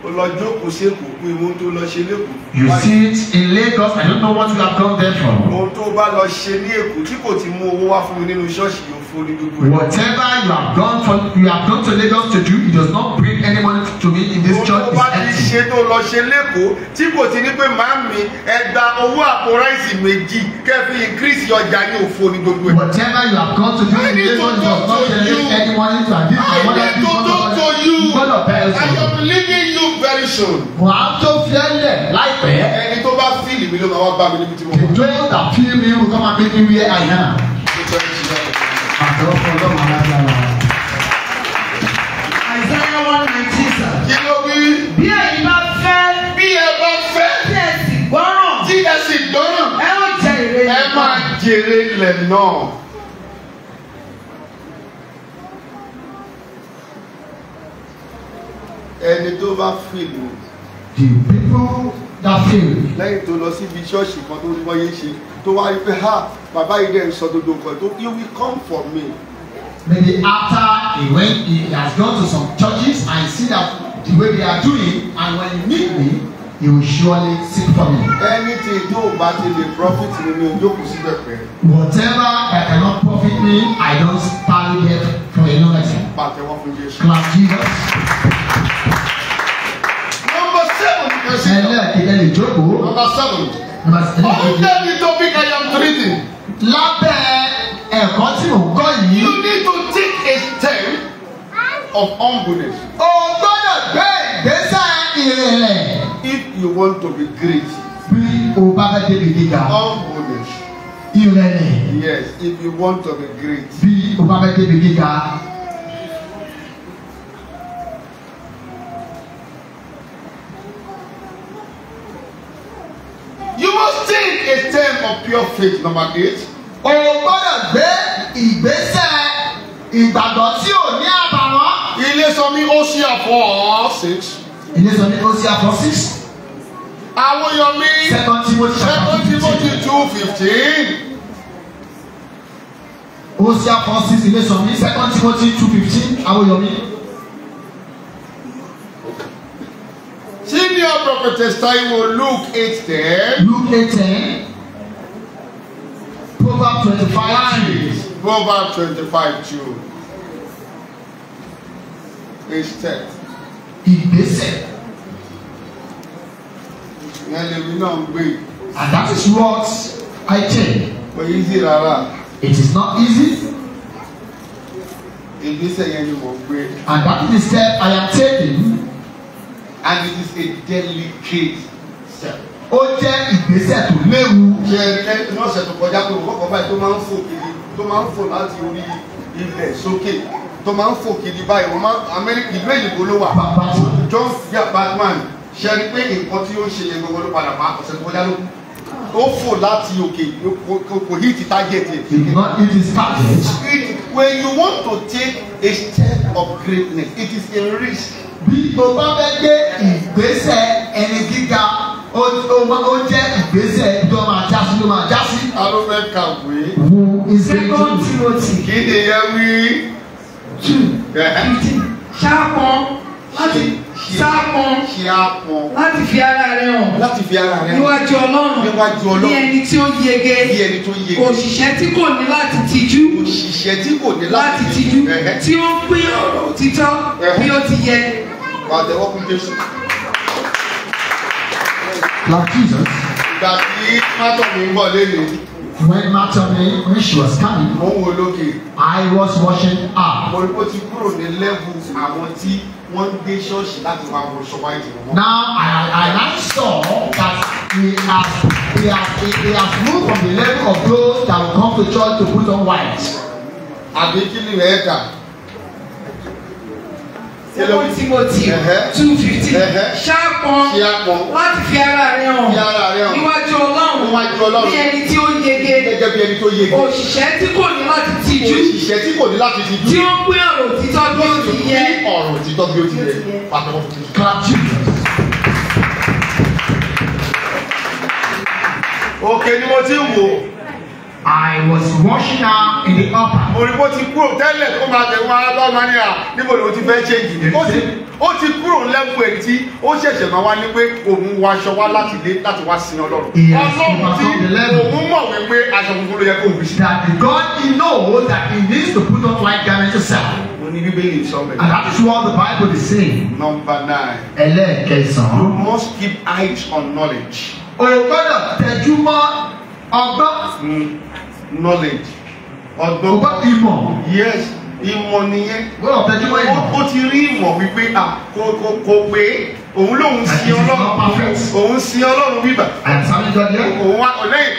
olọjọkọ sí èkó pé ohun tó lọ ṣe lẹkọọ. you sit in Lagos I don't know what you have come there from. ohun tó bá lọ ṣe ní èkó tí kò ti mú owó wá fún mi nínú ṣọ́ọ̀ṣì yóò fún ní gbogbo ẹ̀. whatever you have done for you have done to Lagos to do it does not bring any money to me in this church is empty. ohun tó bá ti ṣe tó lọ ṣe lẹkọọ tí kò ti ní pé màámi ẹ gba owó àpò ráìsì méjì kẹfí increase ọjà yóò fún ní gbogbo ẹ̀. whatever you have done to do in Lagos does not bring any money to me. I need to talk to you. God of health mention. Wà tó fi láìpẹ́. Ẹni tó bá fíìlì mi ló máa wá bá mi níbi tí mo wà. The those that feel me will come and meet me where I am. Àtọ̀rọ̀ fún ọlọ́run alágbára. Isaiah one nineteen sir. Kí ló wí? Bí ẹ̀yin bá fẹ́. Bí ẹ bá fẹ́. Tí ẹ sì gbọ́ràn. Tí ẹ sì gbọ́ràn. Ẹ máa jèrè ilẹ̀ náà. ẹni tó bá fìlù. the people that fail. lẹ́yìn tó lọ síbi ṣọ́ọ̀ṣì kan tó rí wọ́n yé ṣe tó wá rí pé ha bàbá yìí dẹ̀ ń sọ dodo nǹkan tó he will come for me. maybe after he went he has gone to some churches and see that the way they are doing and when he meet me he will surely sit for me. anything tó o bá ti lè profit mi mi ò jókòó síbẹ̀ pẹ́. whatever I cannot profit me I don stand there for another time. pàtẹ́wọ́ fún Jésù. clap Jesus ẹlẹ́ẹ̀kejì ẹni jókòó. number seven. number seven. ọ̀hún tẹ́lẹ̀ tóbi kẹyà ń tìrìtì. lábẹ́ ẹ̀kọ́ tí mò ń kọ́ yìí. you need to take a step of humbleness. o gbọ́dọ̀ gbé ìgbésẹ̀ ìrẹ̀lẹ̀. if you want to be great. bí o bá fẹ́ débi gíga. humbleness. ìrẹ̀lẹ̀. yes if you want to be great. bí o bá fẹ́ débi gíga. must take a term of pure faith number eight. o gbọ́dọ̀ gbé ìgbésẹ̀ ìgbàgbọ́ tí ò ní àbàwọ́n. ilé sọ mi ó ṣí àfọ six. ilé sọ mi ó ṣí àfọ six. Awoyomi second Timothy second Timothy two fifteen. Ó ṣí àfọ six ilé sọ second Timothy two fifteen Awoyomi. Senior prophetess Taiwo, Luke 8 10. Luke 8 10. Proverbs 25 2. Proverbs 25 2. Page 10. Ìgbésẹ̀. Ìyẹn lèmi náà ń gbé. And that is what I take. Kò easy rárá. It is not easy. And that is the step I am taking and it is a delicate step. ó jẹ́ ìgbésẹ̀ tó léwu. ṣe ẹ ní ọ̀sẹ̀ tó kọjá pé òwò kọ̀ọ̀bá tó máa ń fò kiri tó máa ń fò láti orí ilẹ̀ sókè tó máa ń fò kiri báyìí wọ́n máa amẹ́ríkà ìlú èyìnbó ló wà. John fia Batman ṣe ni pé nǹkan tí ó ṣe yẹn gbogbo ló padà pa ọ̀sẹ̀ tó kọjá ló ó fò láti òkè kò hit target yẹn. it is target. when you want to take a step of greatness it is a risk bí mo bá fẹ́ gbé ìgbésẹ̀ ẹni gíga ó jẹ́ ìgbésẹ̀ ibi ọmọ àjásí ló máa jásí. alóbẹ́ kàwé. wo second Timothy. kí ni ẹ wí. two fifteen ṣáàpọ̀ láti sápọn. láti fi ara rẹ hàn. níwájú ọlọ́run. níwájú ẹni tí ó yege. òṣìṣẹ́ tí kò ní láti tijú. láti tijú. tí ó pín ọ̀rọ̀ òtítọ́ bí ó ti yẹ. pàtẹ́wọ́ fún jésù. Jesus. When Matthew, when she was coming, I was washing up wọ́n dé ṣọ́ọ̀ṣì láti wá wọṣọ wáìtì wọn. now i i now saw that we have we have we have moved from the level of those that will come to church to put on white. àbí kí ni rẹ̀ kà. Second Timothy two fifteen. Ṣáàpọ̀ láti fi ara rẹ̀ hàn níwájú ọlọ́run níwájú ọlọ́run. bí ẹni tí ó yege. gẹ́gẹ́ bí ẹni tó yege. òṣìṣẹ́ tí kò ní láti tijú. òṣìṣẹ́ tí kò ní láti tijú. tí ó ń pín ọ̀rọ̀ òtítọ́ bí ó ti yẹ. tí ọ̀rọ̀ òtítọ́ bí ó ti yẹ. pàtó kíláàsì. ni mo ti ń wò. I was washing her in the upper. Òrìbó ti kúrò tẹ́lẹ̀ tó máa tẹ̀ wá lọ́nà ni à níbo ni o ti fẹ́ ṣéǹjì. Ó ti ó ti kúrò lẹ́kùn èyí tí ó ṣẹ̀ṣẹ̀ máa wá ní pé òun wọ aṣọ wá láti lé láti wá sin Ọlọ́run. Ọlọ́run tí òun mọ̀ wípé aṣọ funfun ló yẹ kó fi. That the God he knows that he needs to put on white garment yourself. Mo ní Bíbélì sọ bẹ́ẹ̀. And that is what the Bible is saying. Number nine. Ẹlẹ́ẹ̀kẹsàn-án. You must keep eyes on knowledge. O gbọ́dọ̀ tẹjú mọ́ ọgbọ́n hmm, knowledge ọgbọ́n ọgbọ́n ìmọ̀ yes ìmọ̀ nìyẹn gbọ́dọ̀ fẹ́ kí wọ́n ìmọ̀ ó ti rí ìmọ̀ wípé à kò kò kò pé òun lòun sin ọlọ́run òun sin ọlọ́run bíbà òun wá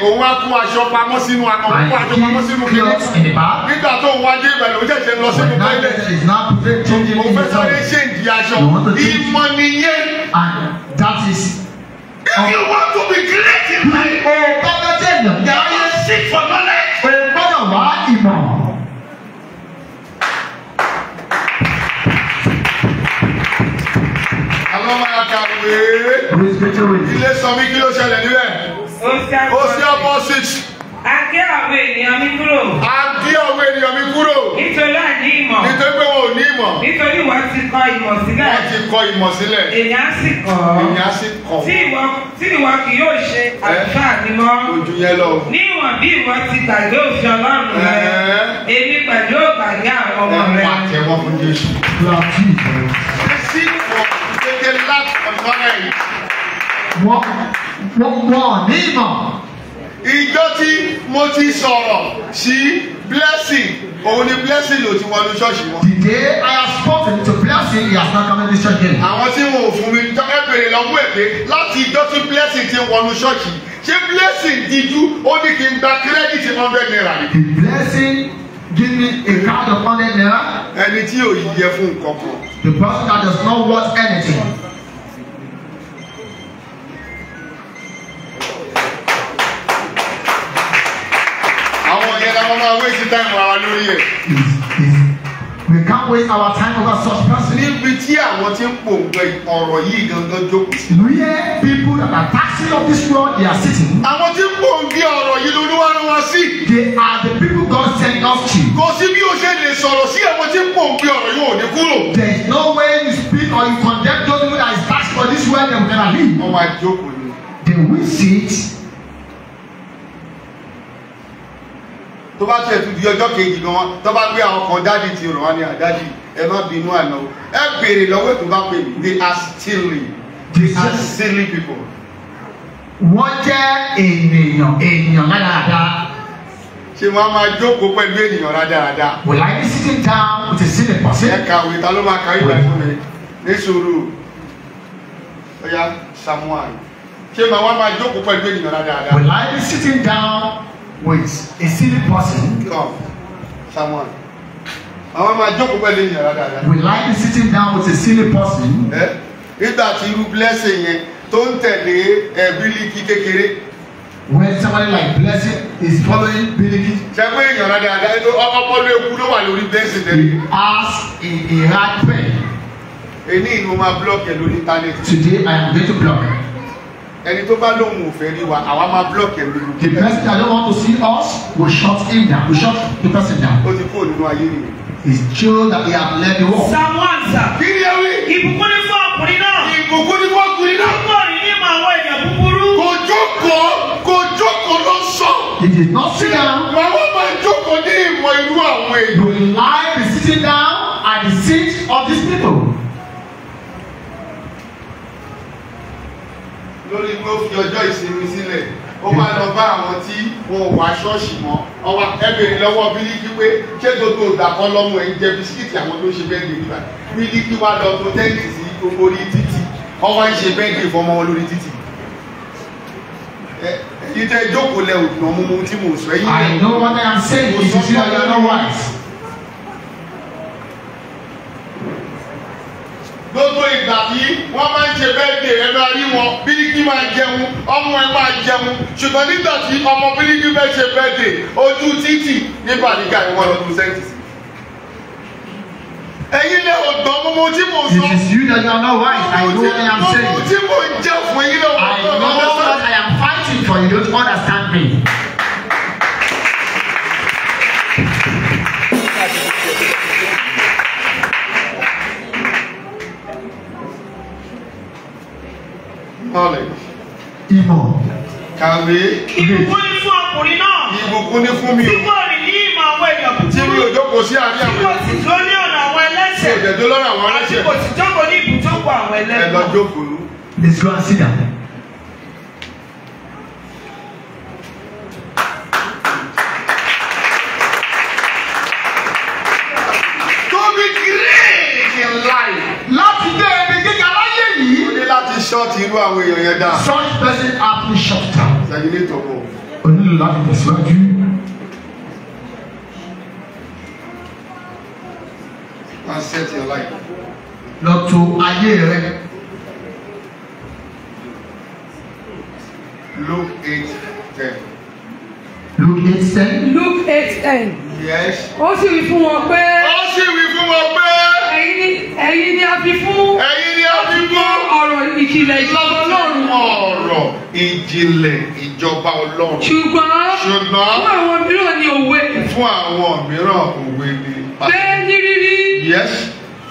òun wá kó aṣọ pamọ́ sínú àná òun kó aṣọ pamọ́ sínú kiri nígbà tó ń wájú ìgbà lòun jẹ̀jẹ̀ lọ sínú pẹ́lẹ̀ òun fẹ́ sọ ní ṣèǹdí aṣọ ìmọ̀ nìyẹn. that is If you want to be great in life, don't eh, seek for knowledge. Gbọ́dọ̀ wá ìmọ̀. Àwọn ọmọ yàtọ̀ àwòrán. Ilé sọ mi kí ló ṣẹlẹ̀ níbẹ̀. Ó ṣe ọmọ six. A gé ọ̀wọ́ ènìyàn mi kúrò. A gé ọ̀wọ́ ènìyàn mi kúrò. Nítorí àìní ìmọ̀. Nítorí pé wọn ò ní ìmọ̀. Nítorí wọ́n ti kọ ìmọ̀ sílẹ̀. Wọ́n ti kọ ìmọ̀ sílẹ̀. Èèyàn sì kọ̀. Èèyàn sì kọ̀. Tí ìwọ tí ìwọ kì yóò ṣe àlùfáà ni mọ́. Ojú yẹn lọ. Níwọ̀n bí ìwọ ti gbàgbé òfin Ọlọ́run rẹ. Èmi pẹ̀lú ògbàgbé àwọn ọmọ rẹ. Ẹ máa tẹ̀wọ́ fún Jésù. Wọ́n ní ìmọ̀ ìjọ tí mo ti sọ̀rọ̀ sí blessing òun ni blessing ló ti wọnú ṣọ́ọ̀ṣì wọn. the day I have spoken to blessing he has not come into church again. àwọn tí wọn ò fún mi tọ́kẹ́ bèrè lọ́wọ́ èpè láti ìjọ tí blessing ti wọnú ṣọ́ọ̀ṣì ṣé blessing díjú ó ní kí n gba credit hundred naira ni. the blessing give me a card of hundred naira. ẹni tí yóò yẹ fún nǹkan kan. the person that does not worth anything. wọn máa waste time wa lórí rẹ̀. we can't waste our time over such person. níbi tí àwọn ti ń pòǹgbẹ ọ̀rọ̀ yìí gangan jókòó sí. we hear people that are taxing of this world they are sitting. àwọn tí ń pòǹgbẹ ọ̀rọ̀ yìí ló ní wá rán wa sí. they are the people God sent us to. kò sí bí o ṣe lè sọ̀rọ̀ sí àwọn tí ń pòǹgbẹ ọ̀rọ̀ yìí ò ní kúrò. there is no way you speak or you condemn those people that is taxed for this world they will never leave. wọ́n máa jókòó ni. they will sit. tó bá tẹ̀ tún ọjọ́ kejì gan tó bá gbé àwọn kan dáàdì ti rọ̀ wá ní àdáàdì ẹ má bínú àná o ẹ béèrè lọ́wọ́ ètò bá pè mí they are stealing they are silly people. wọ́n jẹ́ ènìyàn ènìyàn dáadáa. ṣé wọ́n á máa jókòó pẹ̀lú ènìyàn dáadáa. will I be sitting down with a silly person. ẹ kàwé ta ló máa kàwé ìgbà fún mi ní sùúrù ó yá samuel ṣé màá wá máa jókòó pẹ̀lú ènìyàn dáadáa. will I be sitting down with a silly person. Come, someone. Àwọn máa jókòó pẹ̀lú ìyẹn dáadáa. We like sitting down with a silly person. Eh? Nígbà tí irú blessing yẹn tó ń tẹ̀lé eh, bíríkì kékeré. When somebody like blessing is following bíríkì. Ṣé pé èèyàn dáadáa ló ọpọlọ eku ló wà lórí blessing tẹ̀lé? As in a hard way. Èní ìlú máa block ẹ̀ lórí internet. Today I am going to block ẹni tó bá lóun ò fẹ́ rí wa àwa máa block ẹ̀ lóru. the person that don't want to see us will shut him down will shut the person down. ó ti kúrò nínú ayé nìyẹn. is true that they have learned the war. psalm one sir. kí ni ẹ wí. ìbùkún ni fún ọkùnrin náà. ìbùkún ni fún ọkùnrin náà. kókó rí ní ìmọ̀ àwọn èèyàn búburú. kò jókòó kò jókòó ló sọ. he did not sit down. màmá máa jókòó ní ìmọ̀ inú àwọn èèyàn. you lie be sitting down. lórí pé ó fi ọjọ́ ìsinmi sílẹ̀ ó wá lọ bá àwọn tí wọn ò wá ṣọ́ọ̀ṣì mọ́ ọwọ́ ẹbẹ̀rẹ̀ lọ́wọ́ bílíkì pé ṣé gbogbo ìdàkọ́ lọ́mọ ẹ̀ ń jẹ bisikíìtì àwọn tó ṣe bẹ́ẹ̀ nígbà bílíkì wá lọ tó tẹ́lẹ̀ sí gbogbo orí títì ọwọ́ ń ṣe bẹ́ẹ̀ ní ìfọmọ́ wọn lórí títì ìtẹ́jókòó lẹ òdùnnà mú mú tí mo sọ yìí. I know what I am saying is you are not wise. gbogbo ìgbà tí wọ́n máa ń ṣe bẹ́ẹ̀dì ẹnu ayé wọn bíríkì máa jẹun ọmọ ẹ máa jẹun ṣùgbọ́n nígbà tí ọmọ bíríkì bẹ́ẹ̀ ṣe bẹ́ẹ̀dì ojú títì ní bàdígà ni lọ tún sẹ́ǹtì sí. ẹ̀yin lè gbogbo tí mo sọ. it is you that you are not wise I know what I am saying. gbogbo tí mo jẹ fún yín lè I know what I am fighting for you don't understand me. knowledge. ìmọ̀. kàwé. ìbùkún ni fún ọkùnrin náà. ìbùkún ni fún mi o. tí kò rí ní ìmọ̀ àwọn èèyàn kúkú. tí mi ò jókòó sí àárín àwọn. tí kò sì tó ní ọ̀nà àwọn ẹlẹ́sẹ̀. tí kò sì jókòó ní ibùjókòó àwọn ẹlẹ́sẹ̀. ẹ lọ jókòó. let's go and sit down. ṣọ́ọ̀tì irú àwọn èèyàn yẹn dá. such person happen, to shut down. ṣàyẹ̀lẹ̀ ìtọ̀kọ̀. onílù láti tẹ̀síwájú. and set your life. lọ to ayé rẹ. Look eight ten. Look eight ten. Look eight ten. Yes. Ó sì wí fún wọn pé. Ó sì wí fún wọn pé. Ẹ̀yin ni ẹ̀yin ni a fi fún. Ẹ̀yin ọ̀rọ̀ ìjìnlẹ̀ ìjọba ọlọ́run. ọ̀rọ̀ ìjìnlẹ̀ ìjọba ọlọ́run. ṣùgbọ́n fún àwọn mìíràn ni òwe. fún àwọn mìíràn òwe ni. bẹ́ẹ̀ ni rírí. yes.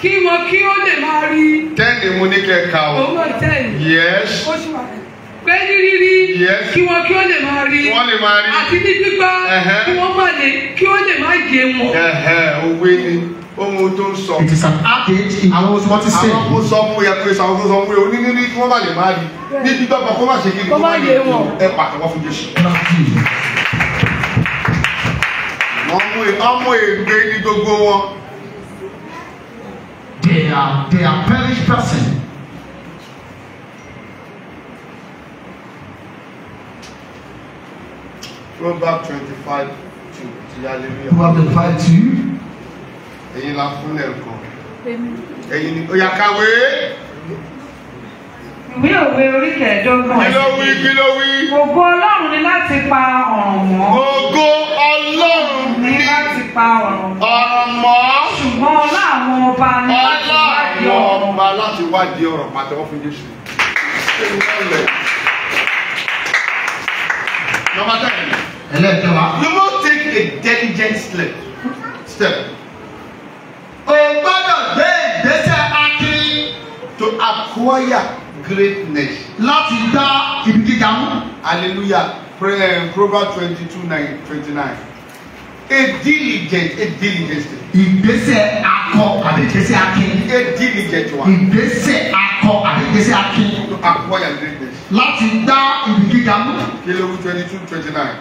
kí wọn kí ó lè máa rí. tẹ́ẹ̀nì mo ní kẹ́ka o. owó tẹ́ẹ̀nì. yes. ó ṣe wà lẹ́yìn pé ní rírí kí wọn kí ó lè máa rí àti ní gbígbá kí wọn má lè kí ó lè má jẹ wọn. òwe ni ohun tó ń sọ. it is an adage in àwọn tó ti sẹ́yìn. àwọn kò sọ fún ya pé àwọn kò sọ fún ya oníní ní kí wọ́n bá lè má rí níbi gbọ́dọ̀ kó má ṣe kí ni kó má lè wọ̀ ẹ pàtàkó fún Jésù. ọmọ e, ègbé ni gbogbo wọn. they are they are perished persons. Proverbs 25 2. Proverbs 25 2 ẹ̀yin la fún lẹ́ẹ̀kan ẹ̀yin ni ó kàwé. ìwé òwe orí kẹẹ̀ẹ́dọ́gbọ̀n. kí ló wí kí ló wí. ògo ọlọ́run ni láti pa ọ̀ràn mọ́. ògo ọlọ́run ni láti pa ọ̀ràn mọ́. ṣùgbọ́n ọlá ọba ni láti wádìí ọ̀rọ̀. ọlá ọba láti wádìí ọ̀rọ̀ pàtẹ́wọ́ fún Jésù. Number ten. Eleven. You must take a diligent step. Step o gbọ́dọ̀ gbé ìgbésẹ̀ akiri to acquire greatness láti dá ibi gíga mú. hallelujah proverbs twenty two nine twenty nine a diligent a diligent. ìgbésẹ̀ akọ àbí ìgbésẹ̀ akin. a diligent one. ìgbésẹ̀ akọ àbí ìgbésẹ̀ akin. to acquire greatness. láti dá ibi gíga mú. kí twenty two twenty nine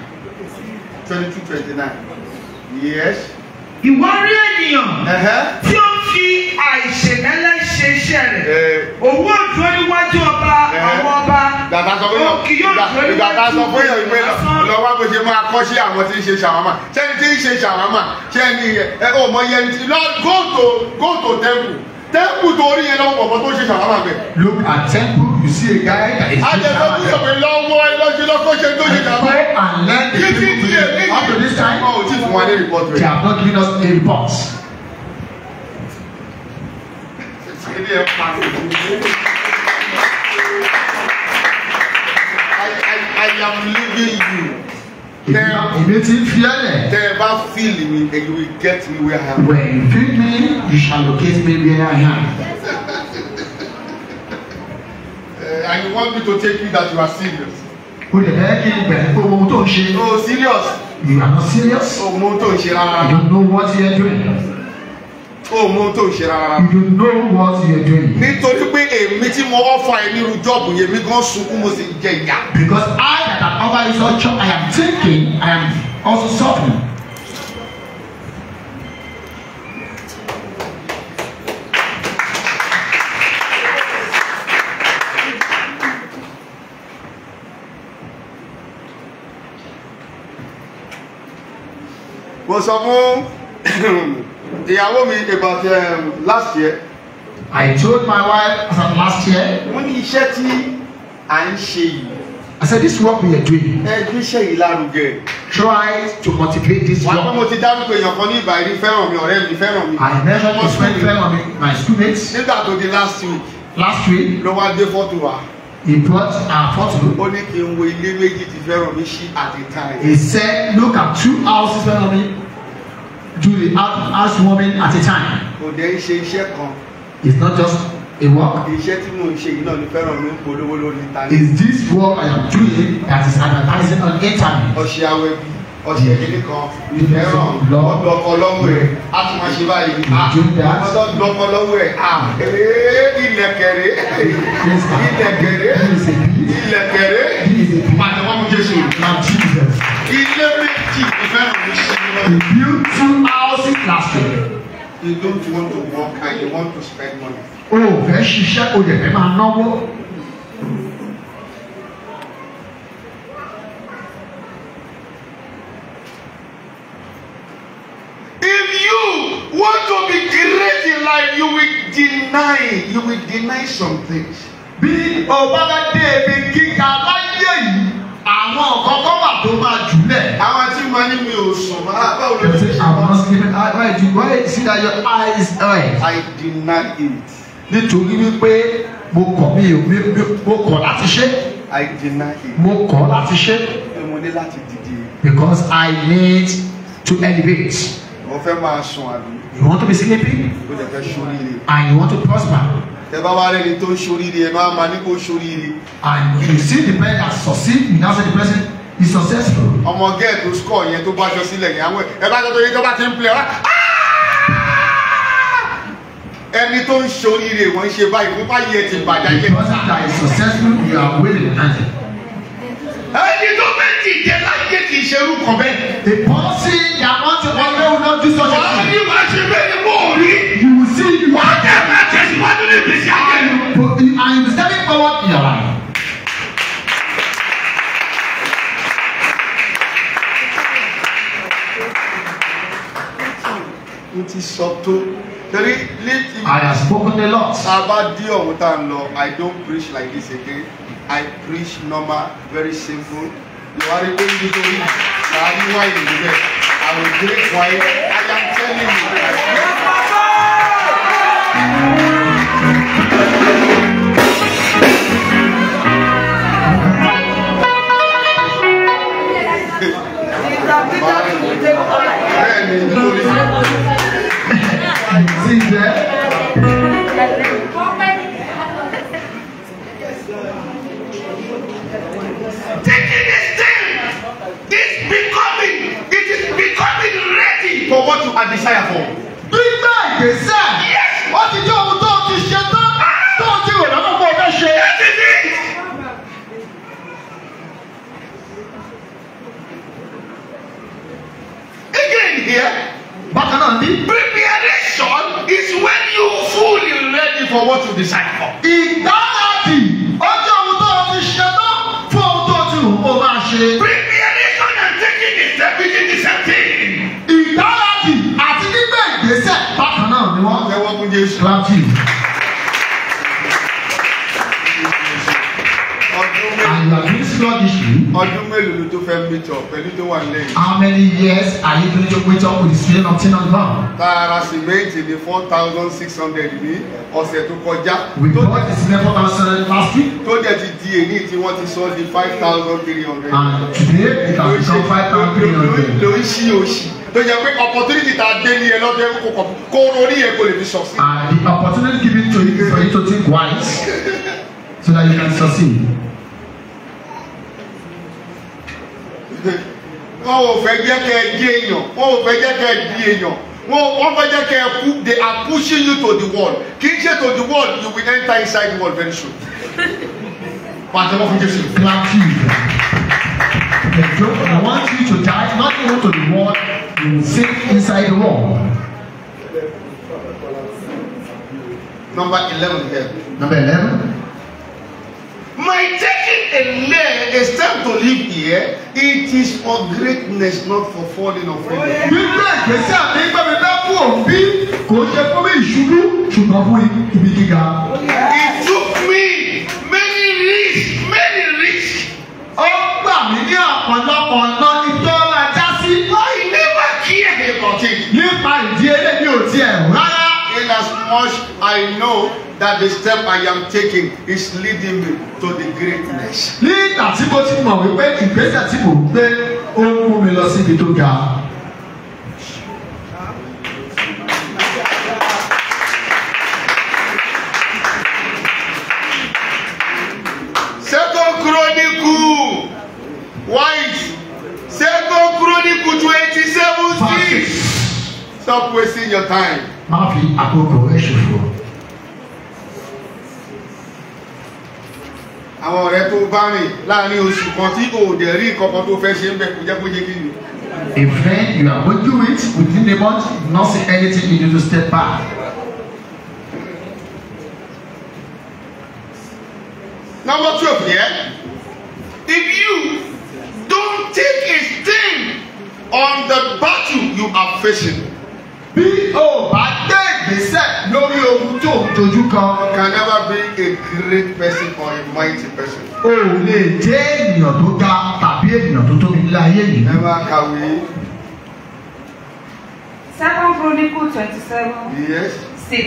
twenty two twenty nine yes ìwọ rí ènìyàn tí ó fi àìṣèmẹ́lẹ́ ṣe iṣẹ́ rẹ̀ òun òjò níwájú ọba àwọn ọba òkì yóò dúró níwájú ọba lásán. lọ́wọ́ bó ṣe máa kọ́ sí àwọn tí ń ṣe ṣàwámà ṣẹ́ni tí ń ṣe ṣàwámà ṣẹ́ni ẹ̀ ọmọ yẹn ti lọ go to go to temple temple tó rí yẹn lọ́wọ́ bọ̀bọ̀ tó ṣe ṣàwárà bẹ̀. look at temple you see a guy that is doing ṣàwárà. àjẹsọ́ fún ìṣòwò lọ́wọ́ ẹlọ́ṣẹ́ lọ́kọ́ tó ṣe ṣàwárà. pray and learn the truth to you up to this time. ọ̀ ti fún wa report rẹ̀. they have not given us a report. I, I, I am leaving you. Tell me ti fi ẹ lẹ. tẹ feel me and you will get me where I am. when you feel me you shall locate me where I am. uh, and you want me to take you that you are serious. o lè bẹ́ẹ̀ kí n bẹ̀rẹ̀ pé ohun oh, serious. you are not serious. Oh, mọ ohun you don't know what you are doing o tó ń ṣe rárá. you know what you are doing. nítorí pé èmi tí mo offer ẹ nírú jọ́ọ̀bù yẹn mi gan sunkún mo sì jẹ ìyá. because I that am over you such I am thinking I am also suffering. mo sọ fún ìyàwó mi about um, last year. I told my wife about last year. wọ́n ní iṣẹ́ tí à ń ṣe yìí. I said this work we are doing. ẹ gbé iṣẹ́ yìí lárugẹ. try to motivate this work. wà á mo ti dárúkọ èèyàn kan ní ìbàdí fẹ́ràn mi ọ̀rẹ́ mi fẹ́ràn mi. I never was friend fẹ́ràn mi my schoolmates. nígbà tó di last week. last week. ló wá dé fọ́tò wa. He brought our photo. Ó ní kí n wo ilé méjì tí fẹ́ràn mi ṣí at a time. He said look at two houses fẹ́ràn mi do the housewarming at a time. kò dẹ̀ ń ṣe iṣẹ́ kan. it's not just a work. iṣẹ́ tí mò ń ṣe yìí náà ni fẹ́ràn mi ń polówó lórí internet. is this work I am doing that is advertising on internet. ọ̀sẹ̀ awẹ́ bíi ọ̀sẹ̀ kìíní kan ìfẹ́ràn ọ̀dọ̀ ọkọ lọ́wọ́ rẹ̀ a tún máa ṣe báyìí ọ̀dọ̀ ọdọ̀ ọkọ lọ́wọ́ ah, rẹ̀ a ìlẹ̀kẹ̀rẹ̀ ìlẹ̀kẹ̀rẹ̀ ìlẹ̀kẹ̀rẹ̀ pàtẹ́wọ́ mú Jésù ilé méjì ìfẹ́ràn mi ṣe. He build two houses last year. You don't want to work and you want to spend money. Oh, very ṣiṣẹ́ Oh, dẹ̀ fẹ́ máa náwó. If you want to be great in life, you will deny, you will deny some things. Be over o day, be king gíga láyé yìí àwọn kọ́kọ́ wà tó máa jùlẹ̀. àwọn tí wọ́n ní mi ò sùn mọ́ báwo ló ṣe ṣe àwọn sleeping why do why see that your eyes red. I deny it. nítorí wípé mo kọ̀ mi ò mo kọ̀ láti ṣe. I deny it. mo kọ̀ láti ṣe. mo ní láti dìde. because I need to elevate. mo fẹ́ máa sùn àbí. you want to be sleeping. o lè fẹ́ sórí and you want to prosper tẹ́bá wá tó ń ṣoríire ẹ máa ma ní kó ṣoríire. and you see the person that succeed you now say the person is successful. ọmọ gẹ́ẹ̀ tó score yẹn tó bá jọ sílẹ̀ yẹn àwọn ẹ bá jọ tó yẹ tó bá ti ń play ọ̀rá ah! ẹni tó ń ṣoríire wọ́n ṣe báyìí fún báyìí ẹ ti bàjá yẹ. the person that is successful you are willing and. ẹni tó fẹ́ dìde láyé kì í ṣe irú kan bẹ́ẹ̀. the person that want to work well will not do such a thing. wàá ní wàá ṣe bẹ́ẹ̀ ni mo rí. mo ti sọ tó torí létí. I have spoken a lot. tá a bá dé ọ̀hún tá a ń lọ I don't preach like this again I preach normal very simple ìwádìí pé nítorí sàárì wáìnì níbẹ̀ I will drink wine I am telling you sì jẹ́. Taking a stand is becoming it is becoming ready for what you are desire for. Do ah! you Gbígbà ìgbésẹ̀ ó ti jẹ́ ohun tó ti ṣe tán tó ti rò lọ́nà pé o fẹ́ ṣe. Again here bákan náà ní. preparation is when you fully ready for what you decide for. ìdáhàdì ọjọ́ ohun tó o ti ṣe tán fún ohun tó o ti rò ó máa ṣe. preparation and taking the step within the same thing. ìdáhàdì àti gbígbé ìgbésẹ̀ bákan náà ni wọ́n tẹ́wọ́ fún Jésù. clap you. ọdún mẹ́rin sluggishly. ọdún mélòó ló tó fẹ́ meet pẹ̀lú tó wà lẹ́yìn. how many years are you going to wait up with the same thing on ground. tààrà sìmẹ́ǹtì ní four thousand six hundred ní ọ̀sẹ̀ tó kọjá. we bought the cement four thousand last week. tó dẹ̀ ti di èyí tí wọ́n ti sọ di five thousand three hundred. and today it has become five thousand three hundred. lórí sí òsì tó yẹ pé opportunity ta dé ní ẹ lọ́dẹ kó kọ kó orí ẹ kó lè fi sọ sí. and the opportunity given to you for you to think wise so that you can succeed. wọn ò fẹ́ jẹ́ kẹ́ ẹ di èèyàn wọn ò fẹ́ jẹ́ kẹ́ ẹ di èèyàn wọn wọn fẹ́ jẹ́ kẹ́ ẹ kú they are pushing you to the wall kì í ṣe to the wall you will enter inside the wall very soon. pàtẹ́wọ́ fún Jésù. thank you. I want you to die not even to the wall you will sit inside the wall. number eleven here. number eleven. My taking a, lay a step to live here, it is for greatness, not for falling or freedom. Gbígbé ìgbésẹ̀ àti gbẹ̀mí dábò òbí kò jẹ́ fún mi ìṣubú ṣùgbọ́n fún ibi gíga. It took me many risks, many risks. Ó gbà mí ní ọ̀pọ̀lọpọ̀ ọ̀nà ìtọ́ra já sí. I never care about it. Nípa ìdí eré mi ò tiẹ̀ rárá much I know that the step I am taking is leading me to the greatness. Ní ìgbà tí mo ti mọ̀ wípé ìgbésẹ̀ tí mò ń gbé ó ń mú mi lọ síbi tó ga. Second Chronicle white Second Chronicle twenty-seven six. Stop wasting your time maafi akoko ẹsùfò. àwọn ọ̀rẹ́ tó bá rìn láàrin oṣù kan tí kò dẹ̀ rí kankan tó fẹ́ ṣe ń bẹ̀ kó jẹ́ kó jẹ́ kí ni. a friend you are going through it within the month not see anything you need to step back. number twelve yẹn yeah? if you don't take a stand on the battle you are facing. B o bá ogun tó kan. can never be a great person or a mighty person. o ò lè jẹ́ ènìyàn tó ga tàbí ènìyàn tó tóbi nílé never kàwé. second chronicle twenty seven. yes. six.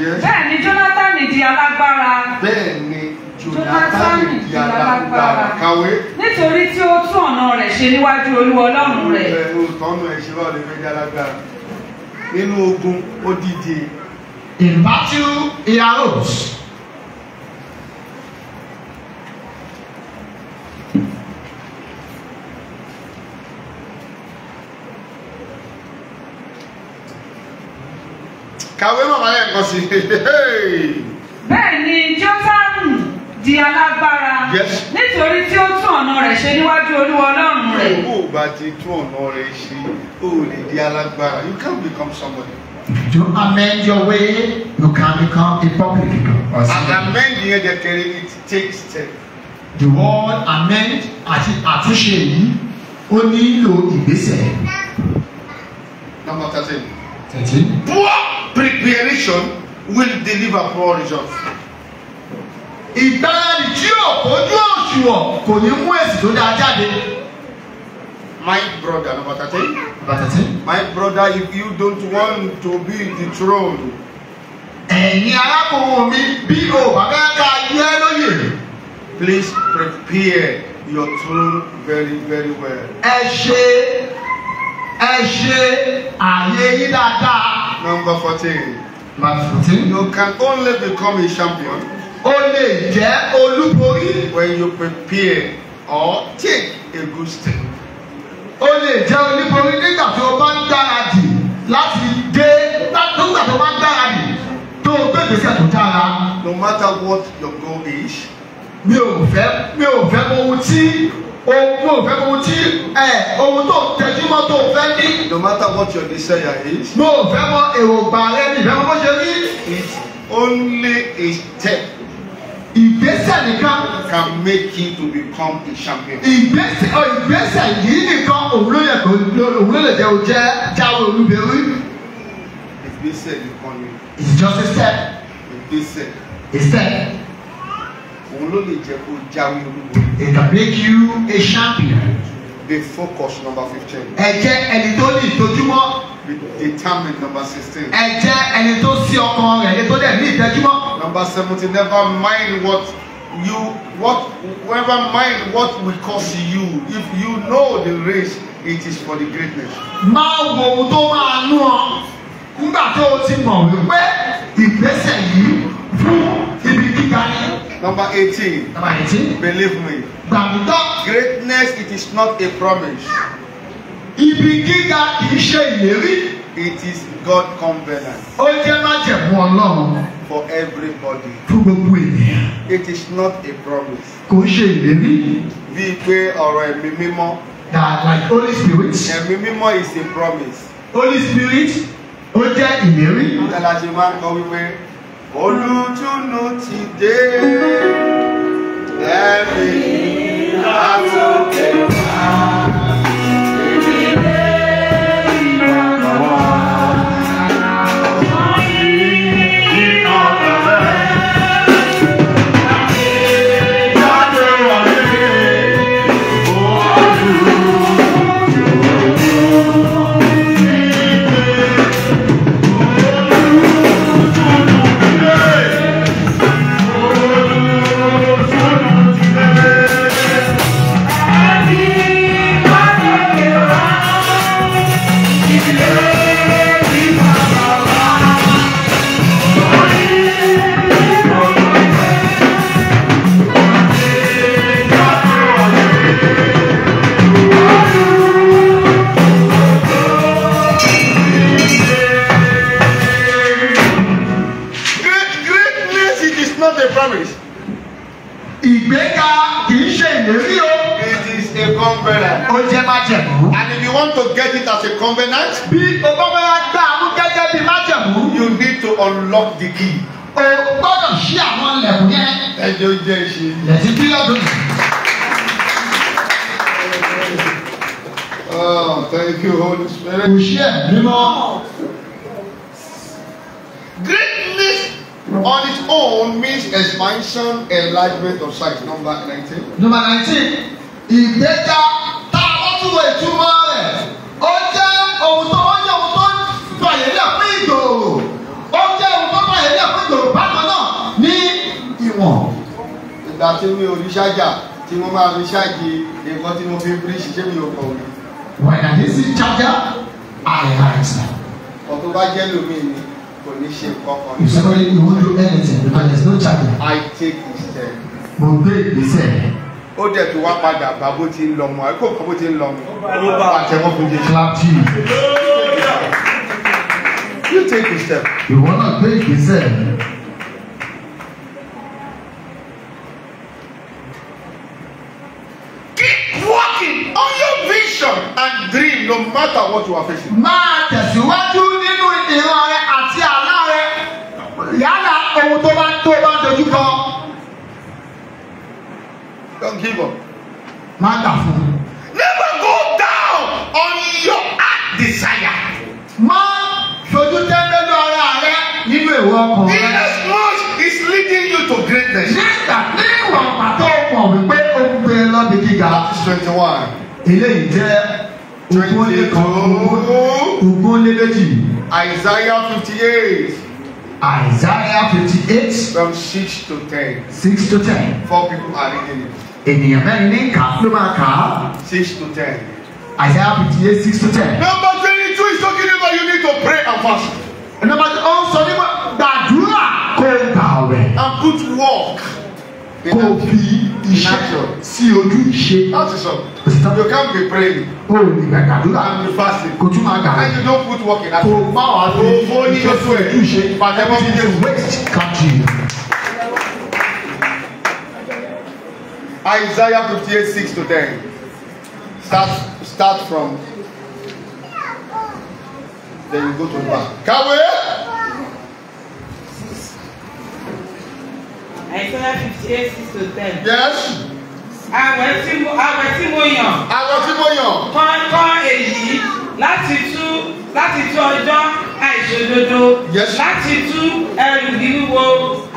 yes. bẹ́ẹ̀ ni Jonathan di alágbára. bẹ́ẹ̀ ni jonathan di alágbára kàwé. nítorí tí ó tún ọ̀nà rẹ̀ ṣe níwájú olúwa ọlọ́run rẹ̀. olùtọ́nù ẹ̀ ṣe wà lórí ẹgbẹ́ alágbára nínú ogun ó díje. In battle, he arose. kàwé màmá yẹn kọ sí. bẹ́ẹ̀ ni Jótámù di alágbára nítorí tí ó tún ọ̀nà rẹ̀ ṣe níwájú Olúwa Ọlọ́run rẹ̀. owó ò bá ti tún ọ̀nà rẹ̀ ṣe ó lè di alágbára you can't become somebody. To amend your way, you can become a public figure. And amend yẹn jẹ kẹrin it takes step. The word amend àti àtúnṣe yìí ó nílò ìgbésẹ̀. Number thirteen. Thirteen. Poor preparation will deliver poor results. Ìgbáradì tí ò kójú òṣùwọ̀n kò ní mú èsì tó dáa jáde. My brother, number 13. Number 13. My brother, if you don't want to be dethroned. Ẹ̀yin arákùnrin mi bí o bàbá ká yẹ́ lóye. Please prepare your throne very very well. Ẹ ṣe ẹ ṣe àyè yín dáadáa. Number fourteen. Number fourteen. You can only become a champion. O lè jẹ́ olúborí. When you prepare or take a good step o lè jẹ́ oníborí nígbà tó o bá ń gbáradì láti dé nígbà tó o bá ń gbáradì tó o gbé ìgbésẹ̀ tó dára. no matter what your goal is. mi ò fẹ́ mi ò fẹ́ ohun tí ohun ò fẹ́ ohun tí ẹ ohun tó tẹjúmọ́ tó fẹ́ ní. no matter what your desire is. mo fẹ́ mọ èròǹgbà rẹ mi ìfẹ́ mọ́ ṣe rí. it's only a step ìgbésẹ̀ nìkan. can make him to become a champion. ìgbésẹ̀ ọ ìgbésẹ̀ yìí nìkan òun ló yẹ kó òun ló lè jẹ́ o jẹ́ jáwé olúbẹ̀wé. ìgbésẹ̀ nìkan ni. it's just a step. ìgbésẹ̀. a step. òun lè jẹ́ kó jáwé olúbẹ̀wé. it can make you a champion the focus number fifteen. ẹ jẹ́ ẹni tó ní ìtọ́júmọ́. determined number sixteen. ẹ jẹ́ ẹni tó sí ọkàn rẹ̀ ẹni tó dẹ̀ ní ìtẹ́júmọ́. number seventeen never mind what you what never mind what will cause you if you know the race it is for the greatness. máa wo ohun tó máa nú ọ nígbà tó o ti mọ̀ wípé ìgbésẹ̀ yìí. Number 18. Number 18. Believe me. Gbàgbọ́. Greatness it is not a promise. Ibi gíga kì ṣe ìlérí. It is God covenant. Ó jẹ́ májẹ̀mú Ọlọ́run. For everybody. Fún gbogbo ènìyàn. It is not a promise. Kò ṣe ìlérí. Bíi pé ọ̀rọ̀ ẹ̀mí mímọ́. That like Holy Spirit. Ẹ̀mí mímọ́ is a promise. Holy Spirit ó jẹ́ ìlérí. Ìjọba ṣe máa ń kọ wípé olùtùnú ti dé ẹ̀mí àtòkè. kò ṣí ẹ̀mí mọ́. Greatness on its own means expansion enlargement of size number nineteen. Number nineteen ìgbéga tá a bá túbọ̀ ìtumọ̀ rẹ̀ ó jẹ́ ohun tó ó jẹ́ ohun tó bàyẹ̀ ní àpín ìgbòho ó jẹ́ ohun tó bàyẹ̀ ní àpín ìgbòho bákan náà ní ìwọ̀n. Ìgbà tí mi ò rí ṣájà tí mo máa fi ṣáàjì nǹkan tí mo fi ń ṣiṣẹ́ mi ò kọ̀ wí. When I dey see arise. ọ̀tún bá if somebody won't do anything because there no challenge. I take the step. mo gbé ìgbésẹ̀. ó dẹ̀ tó wá padà bá bó ń lọ mọ́ àbí kò bó ti ń lọ mọ́. ló bá àtẹwọ́ fún clap to you. you take the step. ìwọ náà gbé ìgbésẹ̀. what you are facing. Máa tẹ̀síwájú nínú ìran rẹ àti àlá rẹ. Yálà ohun tó bá tó bá dojú kọ. Don't give up. Má gbà fún. Never go down on your heart desire. Má fojú tẹ́lẹ̀ lọ ara rẹ nínú èrò ọkàn rẹ. In as much is leading you to greatness. Nígbà ní ìwọ̀n pàtó mọ̀ wípé ó ń gbé lọ́dún gíga. Twenty one. Eléyìí jẹ́ ogúnlélẹ́jì. Isaiah fifty-eight. Isaiah fifty-eight. from six to ten. six to ten. four people are reading it. ènìyàn mẹ́rin ní kà ló máa kà á. six to ten. Isaiah fifty-eight six to ten. number twenty-two is talking about you need to pray and fast. number two ó sọ nípa gbàdúrà kó gbàwẹ̀. and put work. kó fi iṣẹ́ sí ojú ìṣe. that is all. you can't be praying. o ò lè gbàgbà fasting. kò tún máa gbà. and you don't put work in that. kò má wà ló ó ní ojú ẹ̀. ojú ìṣe pàtẹ́wọ́ mi dé. waste country. Isaiah fifty eight six to ten start start from then you go to the back. Kawe. Isaiah fifty eight to ten. Yes. Àwẹ̀ tí mo àwẹ̀ tí mo yàn. Àwẹ̀ tí mo yàn. Kọ́ kọ́ èyí láti tú láti tú ọjọ́ àìṣòdodo. Yes. Láti tú ẹrù wíwúwo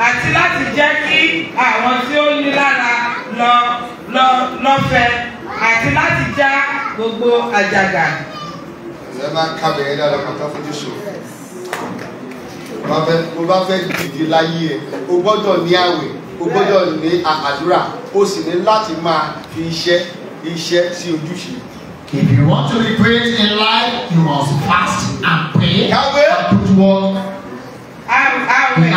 àti láti jẹ́ kí àwọn tí ó ní lára lọ lọ lọ́fẹ̀ àti láti já gbogbo àjàgà. Ẹ máa ń kábẹ̀ẹ́ dáadáa pátá fún Jésù mo bá fẹ́ dìde láyé ẹ o gbọ́dọ̀ ní àwẹ̀ o gbọ́dọ̀ ní àdúrà o sì ní láti máa fi iṣẹ́ iṣẹ́ sí ojúṣe. If you want to be great in life, you must fast and pray Yahweh. and put work. Àwẹ̀ àwẹ̀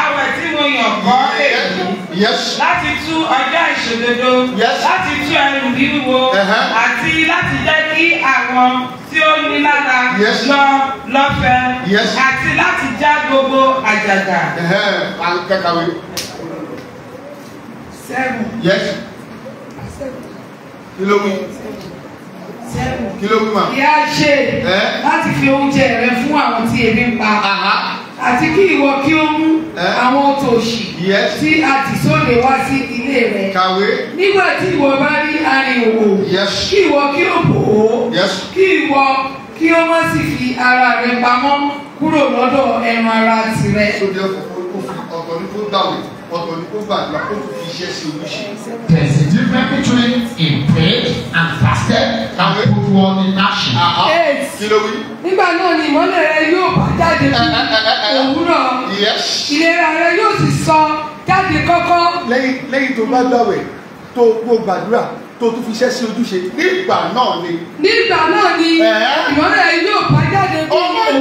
àwẹ̀ tí mo yàn kọ́ èyí. Yes. Láti tú ọjọ́ ìṣòdodo. Yes. Láti tú ẹrù wíwo. Àti láti jẹ́ kí àwọn tí ó ní lára. Yes. Lọ lọ́fẹ̀ẹ́. Yes. Àti láti já gbogbo àjàgà. Kẹ́kàwé. Seven. Yes. Seven. Kí ló wí? Seven kí ló wí mà. kí a ṣe láti fi oúnjẹ rẹ fún àwọn tí ebi ń pa àti kí ìwọ kí ó mú àwọn tòṣì tí a tì sóde wá sí ilé rẹ. kàwé. nígbà tí ìwọ bá rí arìnwò kí ìwọ kí ó bò ó kí ìwọ kí ó má sì fi ara rẹ pamọ́ kúrò lọ́dọ̀ ẹran ara tirẹ̀. sóde ọkọ̀ ní kó dàwé. There's a difference between a prayed and fasted and put one in action. Ah, ah. Yes. ló wí. nígbà náà ni ìmọ́lẹ̀ rẹ yóò bá jáde eh, ní eh, eh, òwúrọ̀ ìlera rẹ yóò sì sọ jáde kọ́kọ́. lẹ́yìn lẹ́yìn tó bá gbàwẹ̀ tó gbó gbàdúrà tó tún fi iṣẹ́ sí ojúṣe nígbà náà ni. nígbà náà ni ìmọ́lẹ̀ rẹ yóò bá jáde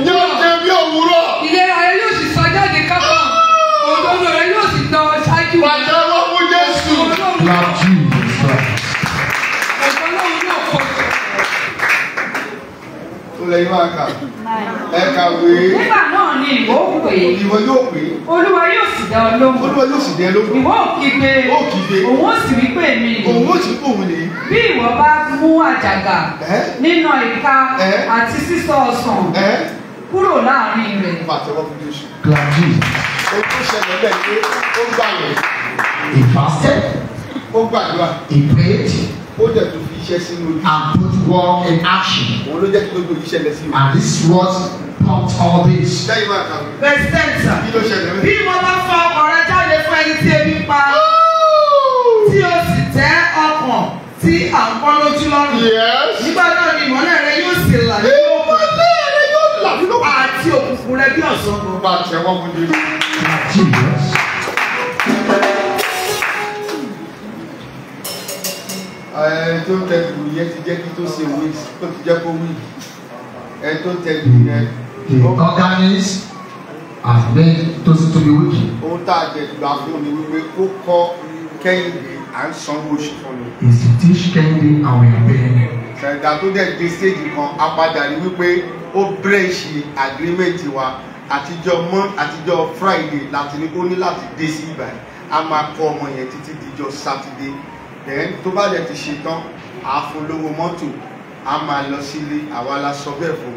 ní òwúrọ̀ ìlera rẹ yóò sì sọ jáde kọ́kọ́ ah! òdodo rẹ yóò. lẹ́yìn máa kà ẹ kàwé. nígbà náà ni ìwọ pè é. ìwọ yóò pè é. olúwa yóò sì dá ọ lóhùn. olúwa yóò sì dá ẹ lóhùn. ìwọ ò kí òun ó sì wí pé mi. òun ó sì pé òun nìyí. bí ìwọ bá mú àjàgà. nínà ìka àti sísọ ọsàn. kúrò láàrin rẹ̀. pàtẹ́wọ́ fún Jésù. gladly. ojú ṣẹlẹ̀ bẹ́ẹ̀ ni ó gbà yẹn. ìfàsẹ́. ó gbàdúrà. ìpèéjì ó dẹ̀ tún fi iṣẹ́ sínú ojú. and put work in action. òun ló jẹ́ kí gbogbo yìí ṣẹlẹ̀ sí and this was pumped all this. lẹ́yìn máa kà mí. verse ten sir. kí ló ṣẹlẹ̀ mẹ́. bí mo bá fọ ọ̀rẹ́ jáde fún ẹni tí ebi pa tí o sì tẹ́ ọkàn tí à ń pọ́n lójú lọ́rùn. nígbà náà ni ìmọ̀lẹ́ rẹ yóò sì là ní òkun. ìmọ̀lẹ́ rẹ yóò là ní òkun. àti òkùnkùn rẹ bí ọ̀sán kan. bá a tẹ̀ wọ́n mú ní. tó tẹ dùn ti jẹ́ kí tó ṣe wí tó ti jẹ́ kó wí ẹ tó tẹ dùn yẹn. the organist has made those to be weak. ohun tá a jẹ gbà fún mi wípé ó kọ́ kẹ́hìndé à ń sanwó oṣù fún mi. is to teach kẹ́hìndé àwọn ẹgbẹ́ ẹni. ṣẹ̀dá tó dẹ̀ dé stage kan apadà ni wípé ó bírèṣì agreement wa àtijọ́ mon àtijọ́ friday láti ní ó ní láti dé sí ibà a máa kọ́ ọmọ yẹn títí dijọ́ saturday then tó bá dẹ̀ ti ṣe àfolówó mọ́tò a máa lọ sílé àwa la sọ bẹ́ẹ̀ fún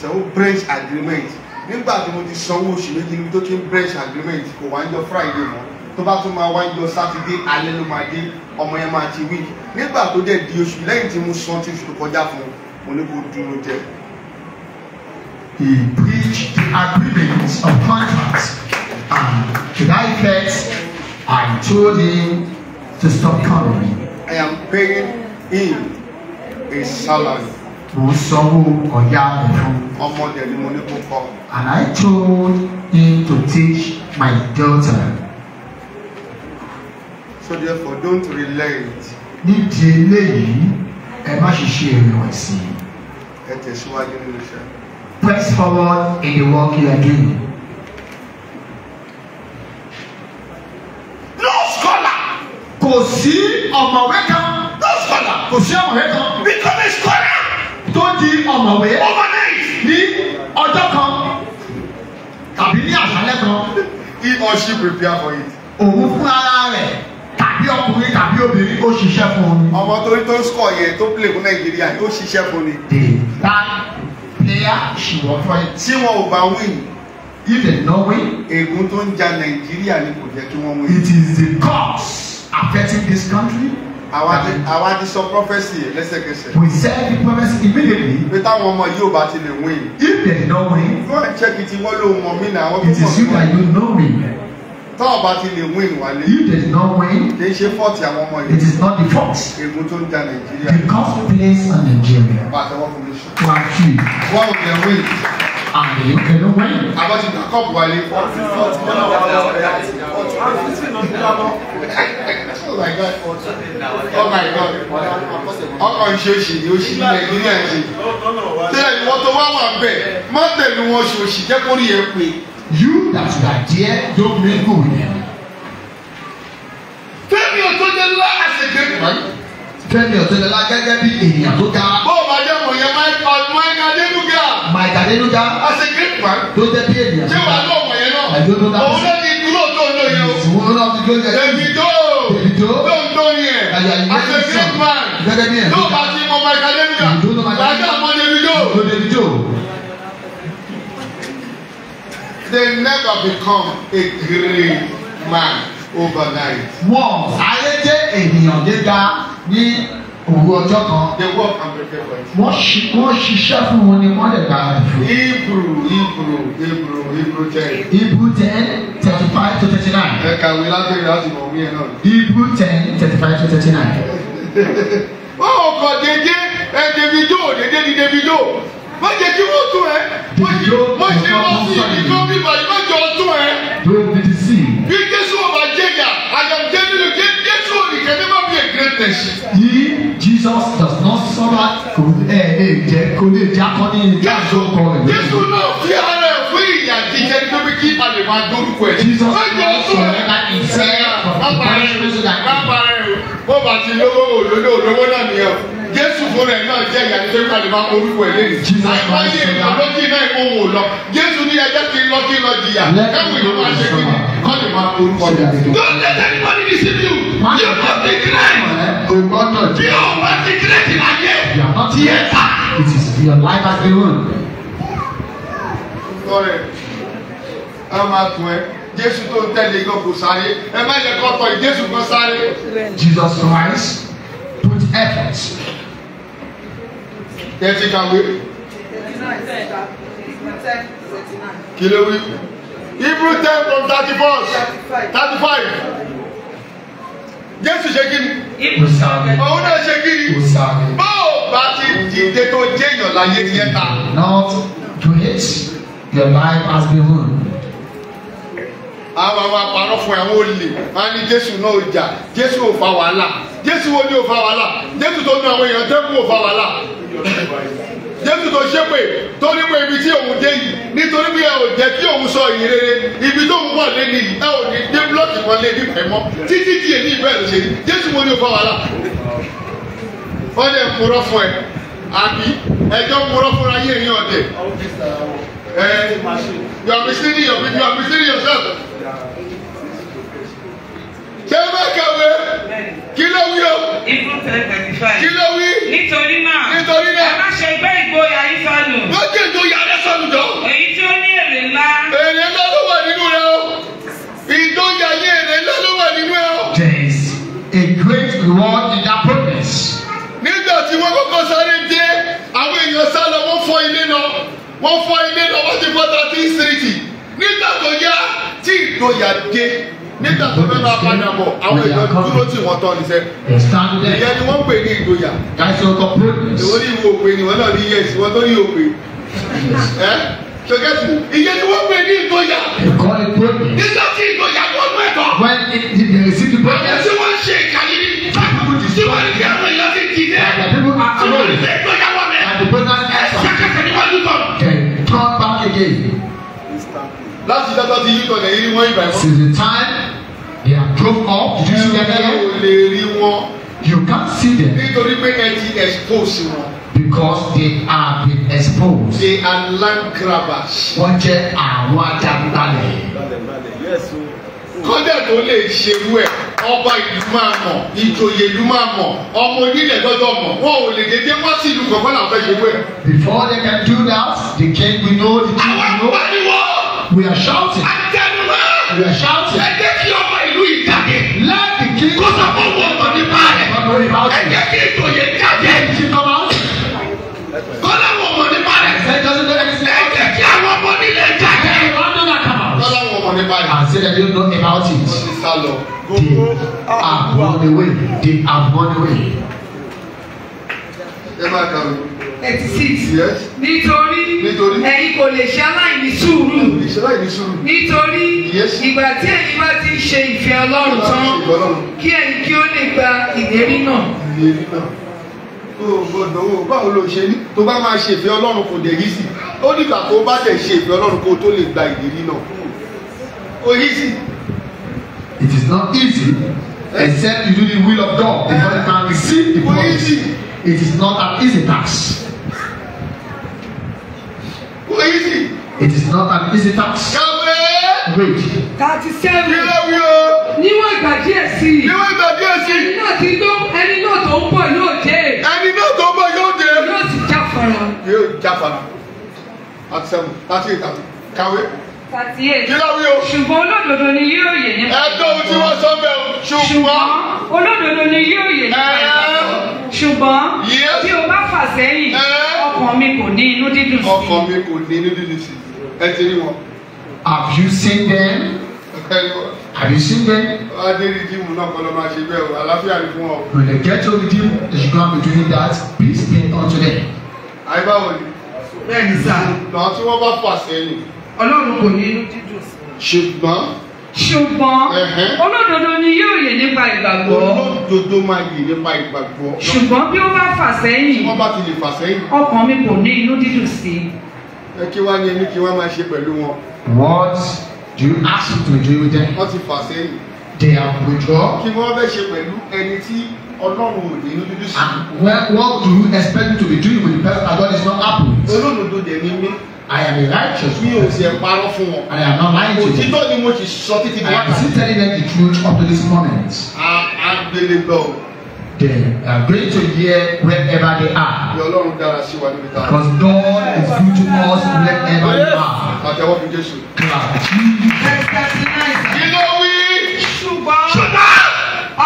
so branch agreement nígbà tí mo ti sanwó oṣù méjì níbi tó ti ń branch agreement kò wá ń jọ friday mọ́ tó bá tún máa wá ń jọ sátidé alẹ́ ló máa dé ọmọ yẹn máa ti wí nígbà tó dẹ̀ di oṣù lẹ́yìn tí mo san tí oṣù tó kọjá fún mo ní kó dúró jẹ. He breached agreements of contracts and to that effect I told him to stop coming. I am paying him a salary. Mo sanwó ọ̀yá mi fún. Ọmọ dẹ̀ ni mo ní kó kọ́. And I told him to teach my daughter. So therefore don't relent. Nídìí eléyìí, ẹ má ṣiṣẹ́ ìrìnwẹ̀sì. Ẹ tẹ̀síwájú nínú iṣẹ́. Press forward in the work you are doing. kò sí ọ̀mọ̀wé kan. no scholar. kò sí ọ̀mọ̀wé kan. become a scholar. tó di ọ̀mọ̀wé. overnight. ní ọjọ́ kan tàbí ní àṣálẹ́ kan. he or she prepare for it. òun fún ara rẹ̀ tàbí ọkùnrin tàbí obìnrin ó ṣiṣẹ́ fún un. ọmọ torí tó ń sọ yẹn tó play fún nàìjíríà ó ṣiṣẹ́ fún ni. the bad player she was right. tí wọn ò bá win if they no win. ègún tó ń ja nàìjíríà ni kò jẹ́ kí wọ́n win. it is the cause affecting this country. Àwa di sọ prophesy lẹ́sẹ̀kẹsẹ̀. We said the prophesy immediately. Pé táwọn ọmọ yìí ò bá ti lè win. If they did win. Go and check it wọ́n ló mọ̀ mí náà. It is you that you know me tó o bá ti lè win wálé. you did not win. kì í ṣe fọ́ọ̀tì àwọn ọmọ yìí. it is not the fault. ègún tó ń ja nàìjíríà. the cost plays on nigeria. bàtà wọn fún mi sùn. wà á wọn ò lè win. àmì yóò kẹ́ ló win. àbá ti gbà kọ́ọ̀bù wálé. fọ́ọ̀tì fọ́ọ̀tì wọn náà wà lọ́wọ́ ẹ̀ àti fọ́ọ̀tì Oh my God! Oh my God! Ọkọ̀ ìṣòṣì ni oṣù Nàìjíríà ṣe. Tẹ́lẹ̀ ni wọ́n tó wá wà bẹ́ẹ̀, má tẹ̀lé wọn ṣòṣì jẹ́ kórìí ẹ̀ pé. You that you are there, don't mingle with them. Fẹ́mi Ọ̀tọ́jọ́lá as a great man. Fẹ́mi Ọ̀tọ́jọ́lá gẹ́gẹ́ bí ènìyàn tó ga. Ó máa jẹ́ mọ̀ yẹn Mike Adenuga. Mike Adenuga. As a great man. Tó jẹ́ bí ènìyàn. Ṣé wàá lọ mọ̀ yẹn náà? Ẹ̀jọ́ tó dá sí. Òun náà ti dúró tó ń lò yẹn o. Òun náà ti dúró yẹn. Davido. Davido. Tó ń lò yẹn. As a great man. Gẹ́gẹ́ bí ẹ̀. Tó bá ti mọ Mike Adenuga. Tó bá ti mọ Davido. they never become a great man overnight. Wọ́n sáré jẹ́ ènìyàn gíga ní òru ọjọ́ kan. They work and prepare for it. Wọ́n ṣi wọ́n ṣiṣẹ́ fún wọn ni wọ́n lè gba ẹ̀fọ́. Hebrew Hebrew Hebrew Hebrew ten. Hebrew ten thirty five to thirty nine. Ẹ kàwé lábẹ́rẹ́ láti mọ̀ wí ẹ̀ náà. Hebrew ten thirty five to thirty nine. Wọ́n kọ̀ dédé ẹ̀ Davido dédé ni Davido má jẹ́ kí wọ́n tún ẹ má jẹ́ wọ́n ṣe wọ́n sí ibi tó bí bàyí má jẹ́ wọ́n tún ẹ. bí jésù ọba jẹyà àyànjẹ nínú jésù òrìkẹ́ ní má bí a great nation. yìí jesus does not suffer kò ẹ ẹ jẹ kò lè jẹ akọni ìjà àjọkọ rẹ. jésù náà fi ara ẹ fún ìyà jíjẹ níbi kí àlè máa dórúkọ ẹ. jesus náà sọ ẹ ẹ bàbá rẹ bàbá rẹ bó bá ti lówó òdodo òdodo náà nìyẹn jésù fúnra ẹ náà jẹ ìyá tó kàdé máa orúkọ ẹ lẹ́yìn àìmáyé ìgbàlódé náà ìmọ̀ wò lọ jésù ní ẹjẹ́ kí n lọ kí n lọ jìyà káwọn èèyàn máa ṣe kí kọ́ni máa orúkọ ẹ. don't let anybody deceive you you go be great bí o bá ti great in ayé tí ẹ ta. it is your life as a whole. sọ́rẹ́ a máa tún ẹ jésù tó ń tẹ̀lé gan kò sáré ẹ má yẹ kó tọ jésù kan sáré. Jesus Christ put effort. ẹ ti kàwé. kí ló wí. Hebrew ten from thirty four thirty five. Jésù ṣe kí ni? Òun náà ṣe kí ni? Báwo bá ti dìde tó jẹ́yàn láyé tiẹ̀ ta? Not to it, your life has been ruined àwọn àwọn àparọ́ fún àwọn olè wọn á ní jésù náà ò jà jésù ò fa wàhálà jésù wo ni ò fa wàhálà jésù tó nu àwọn èèyàn tẹ́kù ò fa wàhálà jésù tó ṣépè tó ní pé ibi tí òun dé yìí nítorí pé ẹ ò jẹ́ kí òun sọ yìí rere ibi tó ń wà lé ní yìí ẹ ò ní dé búlọ́ọ̀kì kan lé nífẹ̀ẹ́ mọ́ títí di èyí ìbẹ́ ló ṣe jésù wo ni ò fa wàhálà wọ́n dẹ̀ fún ẹ àbí ẹjọ́ kúrọ́ fúnra yé èèyàn dẹ̀ ẹ you are misleading your people you are misleading yourself ṣé bá kàwé kí ló wí o. Hebrew ten twenty five. kí ló wí. nítorí náà nítorí náà. a má ṣe gbé ìgboyà yìí sọnù. wọ́n jẹ́ ìgboyà rẹ sọnù jọ. èyí tí ó ní èrè ńlá. èrè ńlá ló wà nínú rẹ o. ìgboyà yìí èrè ńlá ló wà nínú rẹ o. there is a great reward in that promise. nígbà tí wọ́n kọ́kọ́ sáré dé àwọn èèyàn sá lọ wọ́n fọ́ ilé lọ wọ́n fọ́ ilé lọ wọ́n ti fọ́ thirteen street nígbà tó yá tí ìgboyà dé nígbà tó fẹ́ bá padà bọ̀ àwọn èèyàn dúró tí wọ́n tọ́ níṣẹ́. ìyẹn ni wọ́n pè ní ìgboyà. ìwọ ní ìwọ òpè ni wọ́n náà ní yẹ̀sì wọ́n tó ní òpè. ẹ ṣọkẹ́tù ìyẹn ni wọ́n pè ní ìgboyà. nígbà tí ìgboyà tó nú ẹ̀tọ́. àwọn tí wọ́n ṣe ìkàlírí tí wọ́n rí àwọn èèyàn ti dì dẹ́. tí wọ́n rí fẹ́ ìgboyà wọ̀ mẹ́. ẹ̀ṣẹ̀ kẹsẹ̀ ni wọ́n dùn láti dájọ́ ti yí kọ̀dẹ̀ yìí wọ́n ìgbà ìwọ́n. since the time they are broke up you see them there. ẹ lè rí wọn. you can't see them. nítorí pé ẹ ti expose wọn. because they are been exposed. they are land grabbers. wọ́n jẹ́ àwọn ajagunbalẹ̀. kọ́dẹ̀ tó lè ṣerú ẹ̀ ọba ìlú máa mọ̀ ìjòyè ìlú máa mọ̀ ọmọ onílẹ̀ gbọ́dọ̀ mọ̀ wọn ò lè dédé wá sí ìlú kọ̀ọ̀kan làwọn fẹ́ ṣerú ẹ̀. before they can do that the king we know the king we know. We are shouting. We are shouting. Ẹ jẹ́ kí ọmọ ìlú yìí jáde. Láti kí. Kó sọ fún wọn ọ̀dọ̀ nípa rẹ̀. Ọ̀dọ̀ nípa rẹ̀. Ẹ jẹ́ kí ìtòyè jáde. Ẹ ti kọ́ máa. Kọ́lá wọn ọmọ nípa rẹ̀. Ẹ jẹ́ sọ́dọ̀ ẹ ti. Ẹ jẹ́ kí àwọn ọmọ nílé jáde. Ẹ wá dọ́là kàmá. Kọ́lá wọn ọmọ nípa rẹ̀. I say that you know about it. They are gone away. They are gone away. Ẹ máa kàwé eighty six. yes. nítorí nítorí ẹ̀yin kò lè ṣe aláìní sùúrù. kò lè ṣe aláìní sùúrù. nítorí yes. ìgbà tí ẹ̀yin bá ti ṣe ìfẹ́ ọlọ́run tán kí ẹ̀yin kí ó lè gba ìlérí náà. ìlérí náà o gbọ́dọ̀ o báwo ló ṣe ní tó bá máa ṣe ìfẹ́ ọlọ́run kò dẹ̀ yìí sí ó dìgbà tó bá dẹ̀ ṣe ìfẹ́ ọlọ́run kó tó lè gba ìlérí náà ó yìí sí. it is not easy eh? except you do the will of God before you can receive the promise it is not an easy task easy. It is not an easy task. Kàwé. Wait. Thirty seven. Kí ló wí o? Níwọ̀n ìgbà díẹ̀ sí i. Níwọ̀n ìgbà díẹ̀ sí i. Ẹni náà ti tó ẹni náà tó ń bọ̀ yóò dé. Ẹni náà tó ń bọ̀ yóò dé. Yóò sì jáfara. Yóò jáfara. Thirty seven. Thirty eight. Kàwé. Thirty Ṣùgbọ́n olódodo ni yóò yè nípa. Ẹ tó ohun tí wọ́n sọ bẹ́ẹ̀ o. Ṣùgbọ́n. Olódodo ni yóò yè nípa. Ṣùgbọ́n. Bí o bá fà sẹ́yìn ọkọ mi kò ní inú dídùn sí. ọkọ mi kò ní inú dídùn sí ẹ ti rí wọn. have you seen them. have you seen them. adé náà kọ́ máa ṣe bẹ́ẹ̀ o àlàáfíà ni fún ọ. when they get to redeem they should go and be doing that please pay unto them. àyè báwo ni. bẹ́ẹ̀ ni sáà. lọ́wọ́ tí wọ́n bá fà sẹ́yìn. ọlọ́run kò ní inú dídùn sí. ṣùgbọ́n ṣùgbọ́n olódodo ni yóò yè nípa ìgbàgbọ́. olódodo máa yè nípa ìgbàgbọ́. ṣùgbọ́n bí ó bá fà sẹ́yìn. tí wọ́n bá ti lè fà sẹ́yìn. ọkàn mi kò ní inú dídùn sí i. ẹ kí wá ní ẹni kí wá máa ṣe pẹ̀lú wọn. what do you ask to do with them. wọ́n ti fà sẹ́yìn. they are withdraw. kí wọ́n fẹ́ ṣe pẹ̀lú ẹni tí ọlọ́run ò ní inú dídùn sí. and what do you expect to be doing with the person that God is not happy with. olódodo dẹ̀ ni mí. I am a righteous man. Mi ò sì ẹ̀ parọ́ fún wọn. I am not lying to you. Òtítọ́ ni mo ti sọ títí di wákàtí. I am still telling them the truth up to this moment. A agbélébọ̀. They are great to hear wherever they are. Ìyá Ọlọ́run dára sí wa níbi tá a. Because God is good to us wherever we are. Àtẹ̀wọ́ fún Jésù. Kí ló wí? Ṣùgbọ́n. Ṣùgbọ́n.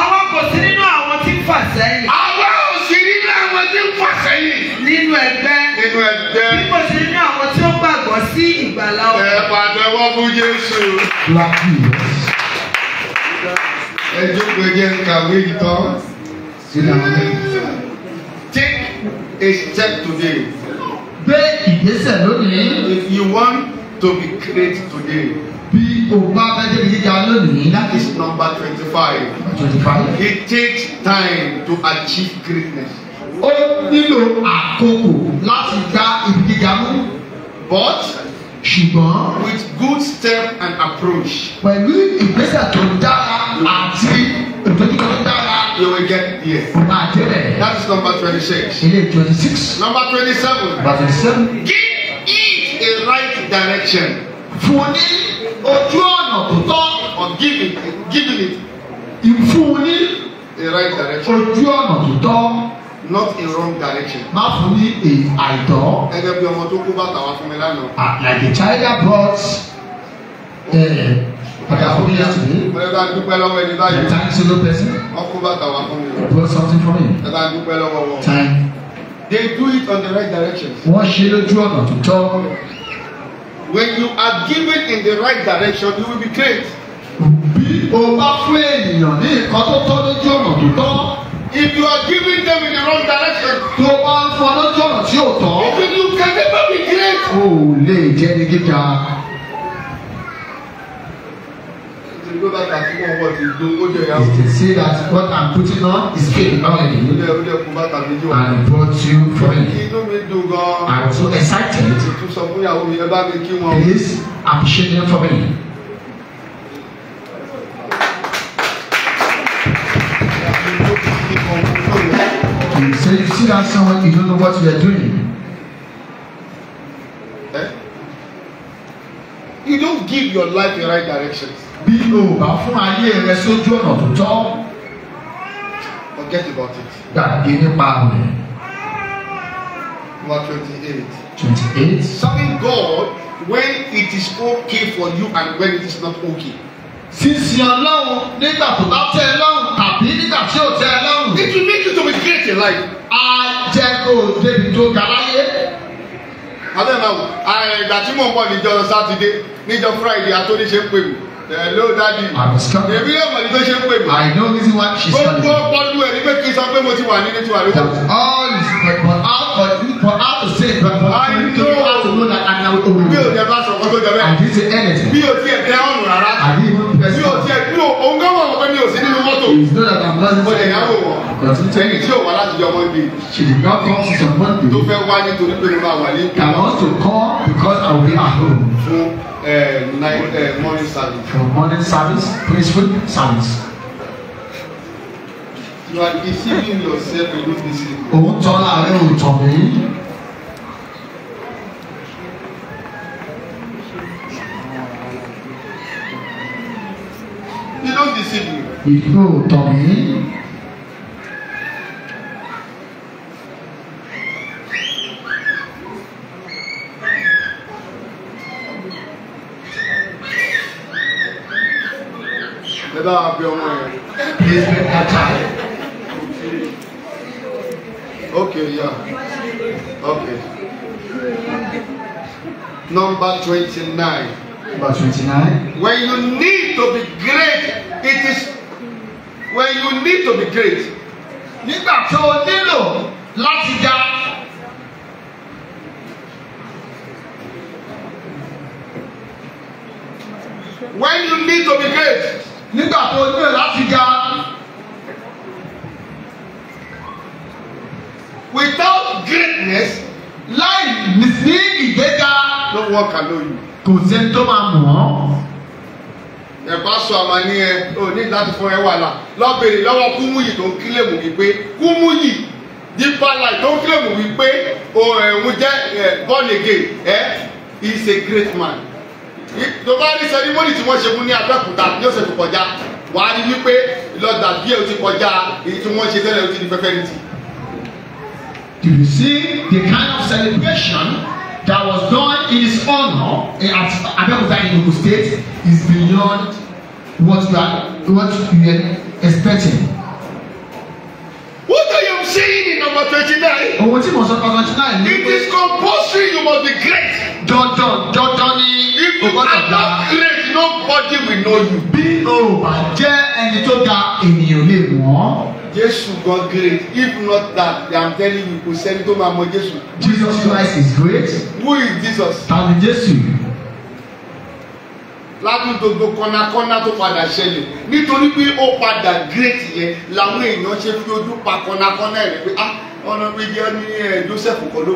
Ọwọ́ kò sí nínú àwọn tí ń fà sẹ́yìn. Ọwọ́ ò sí nínú àwọn tí ń fà sẹ́yìn. Nínú ẹgbẹ́. Nínú ẹgbẹ́. Bí kò sí nínú àwọn kọ́ sí ìgbàlá ọkàn. ẹ pàtẹ́wọ́ fún Jésù. ẹ jókòó jẹ́ kàwé ìtọ́. Take a step today. Gbé ìgbésẹ̀ lónìí. If you want to be great today. Bí o bá fẹ́ débi gíga lónìí. That is number twenty-five. Twenty-five. It takes time to achieve greatness. Ó nílò àkókò láti dá ibi gíga mú but ṣùgbọ́n with good step and approach. pẹ̀lú ìgbésẹ̀ tó dára àti ìdójúkọ tó dára. you will get here. o máa that is number twenty-six. ilé twenty-six. number twenty-seven. number twenty-seven. give it a right direction. fún ní ojú ọ̀nà tó tọ́. or give it giving it. ìfún ní. a right direction. ojú ọ̀nà tó tọ́ not in wrong direction. má fún ní èyí àìtọ́. gẹ́gẹ́ bí ọmọ tó kó bàtà wá fún mi lánàá. Ah, like a child that brought eh, bàtà fún mi yesterday. mo lè dúpẹ́ lọ́wọ́ ẹni báyìí. thank you so much. wọ́n kó bàtà wá fún mi. brought something for me. ẹ bá dúpẹ́ lọ́wọ́ wọn. time. they do it on the right direction. wọ́n ṣe lójú ọ̀nà tó tọ́. when you are given in the right direction you will be great. bí o bá fún ènìyàn ní nǹkan tó tọ́ lójú ọ̀nà tó tọ́. If you are giving them in the wrong direction. Tí o bá ń lọ́jọ́ ọ̀nà tí yóò tọ́. If you can never be great. O ò lè jẹ́ ní gíga. It is see that what I'm putting on is getting already. And brought you for me. I'm so excited. Please appreciate them for me. you say you see that someone you don't know what you are doing. Eh? You don't give your life the right directions. Bí o bá fún ayé rẹ sójú ọ̀nà tó tọ́. Forget about it. Gbàgbé nípa rẹ̀. Number twenty-eight. Twenty-eight. Serving God when it is okay for you and when it is not okay sísìn ọlọ́run nígbà tó bá tẹ́ ẹ lọ́rùn tàbí nígbà tí ò tẹ́ ẹ lọ́rùn. it will make you to be great in life. a jẹ́ kó o débi tó ga láyé. alẹ́ náà ìgbà tí mò ń bọ̀ níjọ sátidé níjọ friday atóníṣe ń pè mí hello daddy èmi yóò mọ̀ ní tó ṣe ń pè mí. i know this is what she said. gbogbo ọpọlọ ẹ ní pé kí n sọ pé mo ti wà ní nítorí àlejò. all is but for how for you for how to say but for how to know how to know that i am owo. bí o jẹ bá sọ kó tó jẹ bẹ́ẹ̀. i did say anything. bí o tiẹ̀ tẹ́ ọ̀nù rárá. i did òun gbọ́ wọn pé mi ò sí nínú mọ́tò. it's not that i'm not inside. ọ̀dẹ̀ ìyàwó wọn. ọ̀tún tẹ́ ẹni tí yóò wá láti jọ monday. she did not come since on monday. tó fẹ́ wá nítorí pé mo máa wà ní. i want to come because i will be at home. fún ẹ eh, night ẹ eh, morning service. for morning service peaceful service. you are deceiving yourself with no discipline. òun tọ́ láàrin òun tọ̀ mí. You don't deceive me. Ìgbó òtọ̀ mi. Let bá be on yẹn. Please make that child. Okay, yeah. Okay. Number 29. Number 29. When you need to be great it is when you need to be great nígbà tí o nílò láti ga. when you need to be great nígbà tí o nílò láti ga. without greatness life sí ìgbéga ló wọ́n kà lóyún. kò sí máa mọ̀ ọ́ ẹ̀bá sọ àmà ẹ ò ní láti fún ẹ wàhálà lọ́bẹ̀rẹ̀ lọ́wọ́ kúmúyì tó ń kílèmù wípé kúmúyì yípa láì tó ń kílèmù wípé òun jẹ́ born again ẹ he is a great man tó bá rí sẹrimónì tí wọ́n ṣe fún ní Abẹ́òkúta ní ọ̀sẹ̀ tó kọjá wàá rí wípé lọ́dà díẹ̀ ó ti kọjá èyí tí wọ́n ṣe tẹ́lẹ̀ ó ti di pẹ́pẹ́ ní ti. Do you see the kind of celebration that was done in his honor eh, at Abeokuta in Ogun State is beyond what you are what you are expecting. What are you saying in number twenty-nine? Òwò tí mo sọ pa twenty-nine ni. It is compulsory you must be great. Dandan dandan ni o gbọ́dọ̀ If you are not great, nobody will know you. Bí o bá jẹ́ ẹni tó ga ènìyàn lè wọ́n. Jésù God great if not that I am telling you kò sẹ́ni tó máa mọ Jésù. Jesus Christ is great. Who is Jesus? Tàbí Jésù ládùn gbogbo kọ́nàkọ́nà tó padà ṣẹlẹ̀ nítorí pé ó padà gírètì yẹn làwọn èèyàn ṣe fi ojú pa kọ́nàkọ́nà rẹ̀ pé ah ọ̀nà méjì ọ ní eh, Joseph kọ́ ló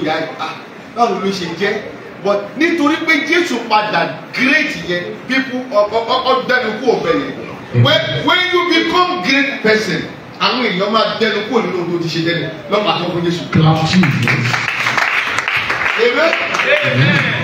ìyá yìí ah báwo ló ṣe jẹ́ but nítorí pé Jésù padà gírètì yẹn pípú ọ̀dẹ́nu kú when you become great person àwọn èèyàn máa dẹnu kú nínú odò ti ṣe dẹnu lọ́pàá tó fún Jésù. Amen. Amen.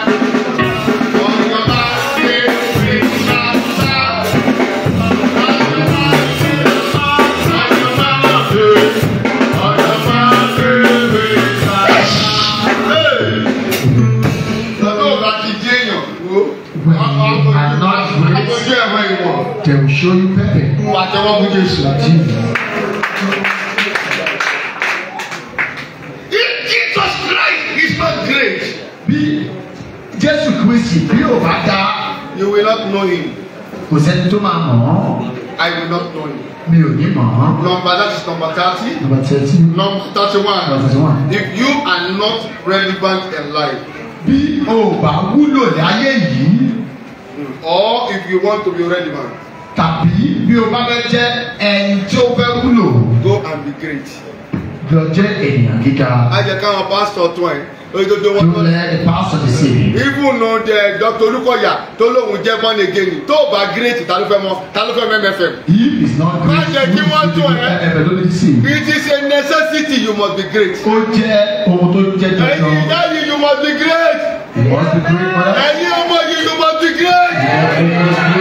they show you pepper. Wà á If Jesus Christ is not great. Bí Jésù Kristi bí ò bá dá. You will not know him. Kò sẹ́ni tó máa mọ̀ ọ́. I will not know him. Mi ò ní mọ̀ ọ́. Number that is number thirty. Number thirty. Number thirty-one. Number thirty-one. If you are not relevant in life. Bí o ò bá wúlò láyé yìí. Or if you want to be relevant tàbí bí o bá fẹ́ jẹ́ ẹni tí ó fẹ́ wúlò. go and be great. lọ jẹ́ ènìyàn gíga. a jẹ káwọn pásítọ̀ tún ẹ ojoojó wọn. tó lẹ pásítọ̀ ti sè. even no de Dr. Olukoya tó lóun jẹ́ born again tó o bá great ta ló fẹ́ mọ ta ló fẹ́ mọ MFM. he is not great. má jẹ́ kí wọ́n tún ẹ. ẹ̀bẹ̀ ló ti sè. it is a necessity you must be great. ó jẹ́ ohun tó jẹ́ jọjọ. ẹ̀yin ìyá yìí you must be great. you must be great. ẹ̀yin ọmọ yìí you must be great.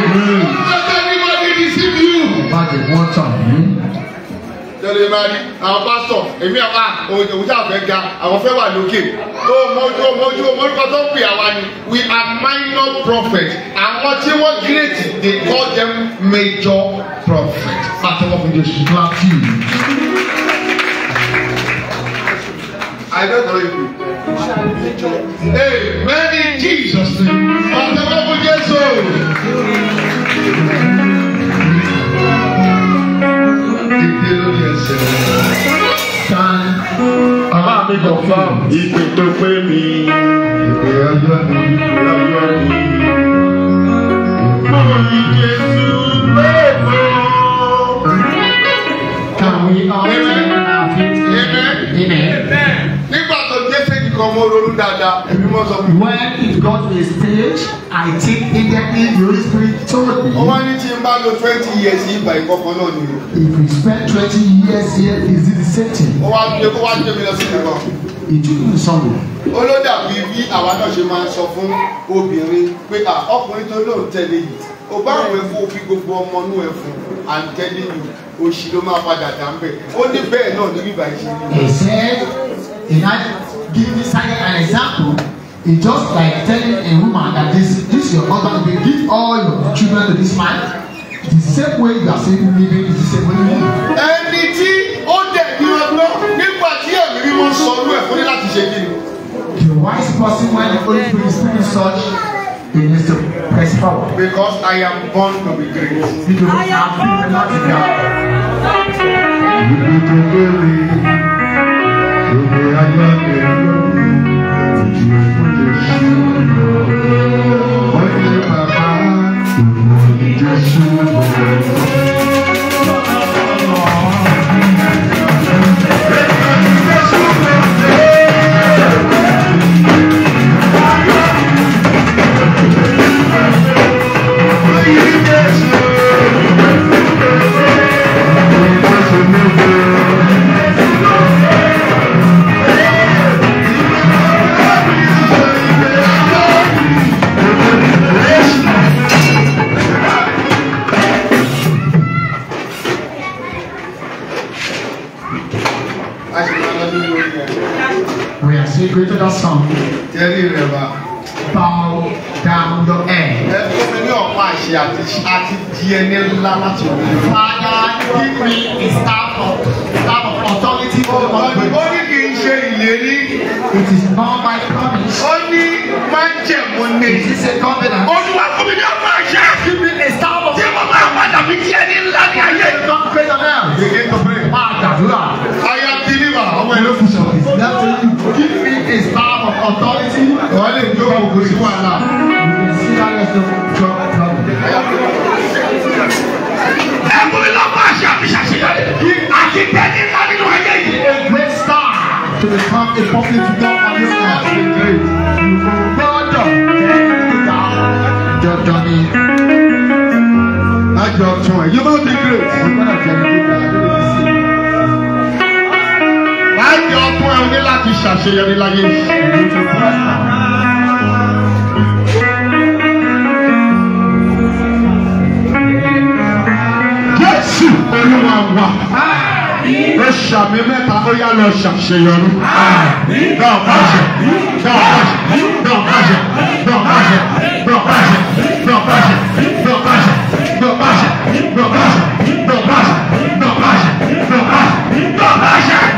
lè máa rí àwọn pásítọ̀ èmi àwa ah, òun tí ga àwọn fẹ́ wà lókè ó mọ́jú mọ́jú mọ́júkọ tó ń pè àwa ni we are minor prophets àwọn tí wọ́n great they call them major prophets. àtẹwọ́ fún Jésù láti. I don't know you. Amen Jesus' name. Àtẹwọ́ fún Jésù. Màmá mi kò fọ́ ìpè tó pé mi. Ìpè ọjọ́ mi. Ìpè ọjọ́ mi. Mo rí Jésù lóògbé. Kàwé ọ̀rẹ́ mi. Nígbà tó Jésù nìkan mo ronú dáadáa, èmi mọ̀ sọ. When it got to a stage, I think immediately the Holy Spirit told me. Ó ní ti bá lo twenty years yìí ìgbà ìkọ̀kan náà ni. if we spend twenty years here is it the same thing. ó wá gbé kó wá gbé mi lọ sí ìgbà. ìjú kù sọ̀rọ̀. ó ló dàbí bí àwa náà ṣe máa ń sọ fún obìnrin pé ọkùnrin tó lóun tẹ̀lé yìí ó bá àwọn ẹ̀fọ́ òbí gbogbo ọmọ inú ẹ̀fọ́ and telling you òṣì ló máa padà dà ń bẹ̀ ó ní bẹ́ẹ̀ náà ní bíbá ìṣe ni. he said in that give me an example e just like telling a woman that this this your husband you dey give all your children to this man the same way you are saving living is the same way you live. ẹni tí ó dẹ̀ ní ọgbọ́n nígbà tí ẹ̀mí mímọ́ sọ ọdún ẹ̀ fún ní láti ṣe kíni. the wise person when the holy spirit speak such he needs to press power. because I am born to be great. I am born to be great. ibi tó kéré ló ayọ́ mi. Thank you. that song. Tẹ́lí rẹ̀ wá. Bow down your head. Ẹ fún mi ní ọ̀pá àṣẹ àti àti di ẹni ńlá láti ọ̀dọ̀. Father, give me a staff of staff of authority for the country. Ó ní kì í ṣe ìlérí. It is not my promise. Ó ní máa ń jẹ̀ mọ́ ní. It is a covenant. Olúwa fún mi ní ọ̀pá àṣẹ. Give me a staff of. Tí mo máa padà fi di ẹni ńlá ní ayé. Don't pray the man. Begin to pray. Máa gbàdúrà. Believer, ọmọ ẹ ló fi sọ̀rọ̀. Give me a staff of authority. Wọ́n lè gbé wọn kò sí wàhálà. Ẹ̀bùn mi lọ́mọ àṣẹ àti ṣàṣeyọrí. Àti bẹ́ẹ̀ni ńlá nínú ẹ̀yẹ yìí. A great star to become a public figure on this earth. Gbọ́dọ̀ dandan ni. Lájọ tún ẹ̀, you no be great. o ní láti ṣàṣeyọrí láyé. Jésù olúwa wa. Ó ṣàmì mẹ́ta ó yá lọ ṣàṣeyọrí. Dán pàṣẹ, dán pàṣẹ, dán pàṣẹ, dán pàṣẹ, dán pàṣẹ, dán pàṣẹ, dán pàṣẹ, dán pàṣẹ, dán pàṣẹ, dán pàṣẹ, dán pàṣẹ, dán pàṣẹ, dán pàṣẹ.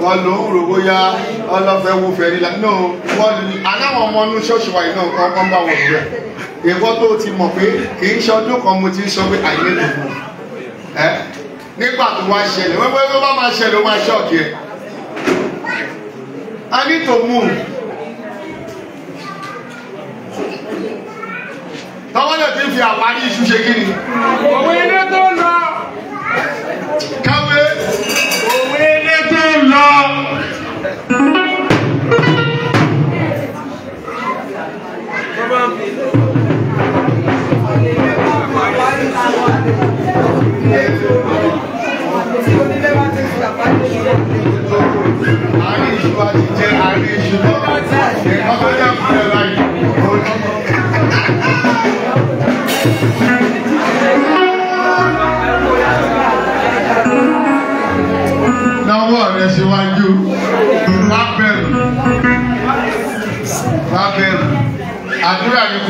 wọn ló ń rò bóyá ọlọ́fẹ́ wo fẹ́ nílá no wọ́n aláwọn ọmọ inú ṣọ́ọ̀ṣì wa iná nǹkan kan bá wọn rẹ̀ èkó tó ti mọ̀ pé kì í ṣe ọdún kan mo ti sọ pé àyè lè mọ̀ ẹ́ nígbà tó wá ṣẹlẹ̀ wẹ́wẹ́ tó bá máa ṣẹlẹ̀ ó máa ṣọ́ọ̀kì ẹ̀ I need to move.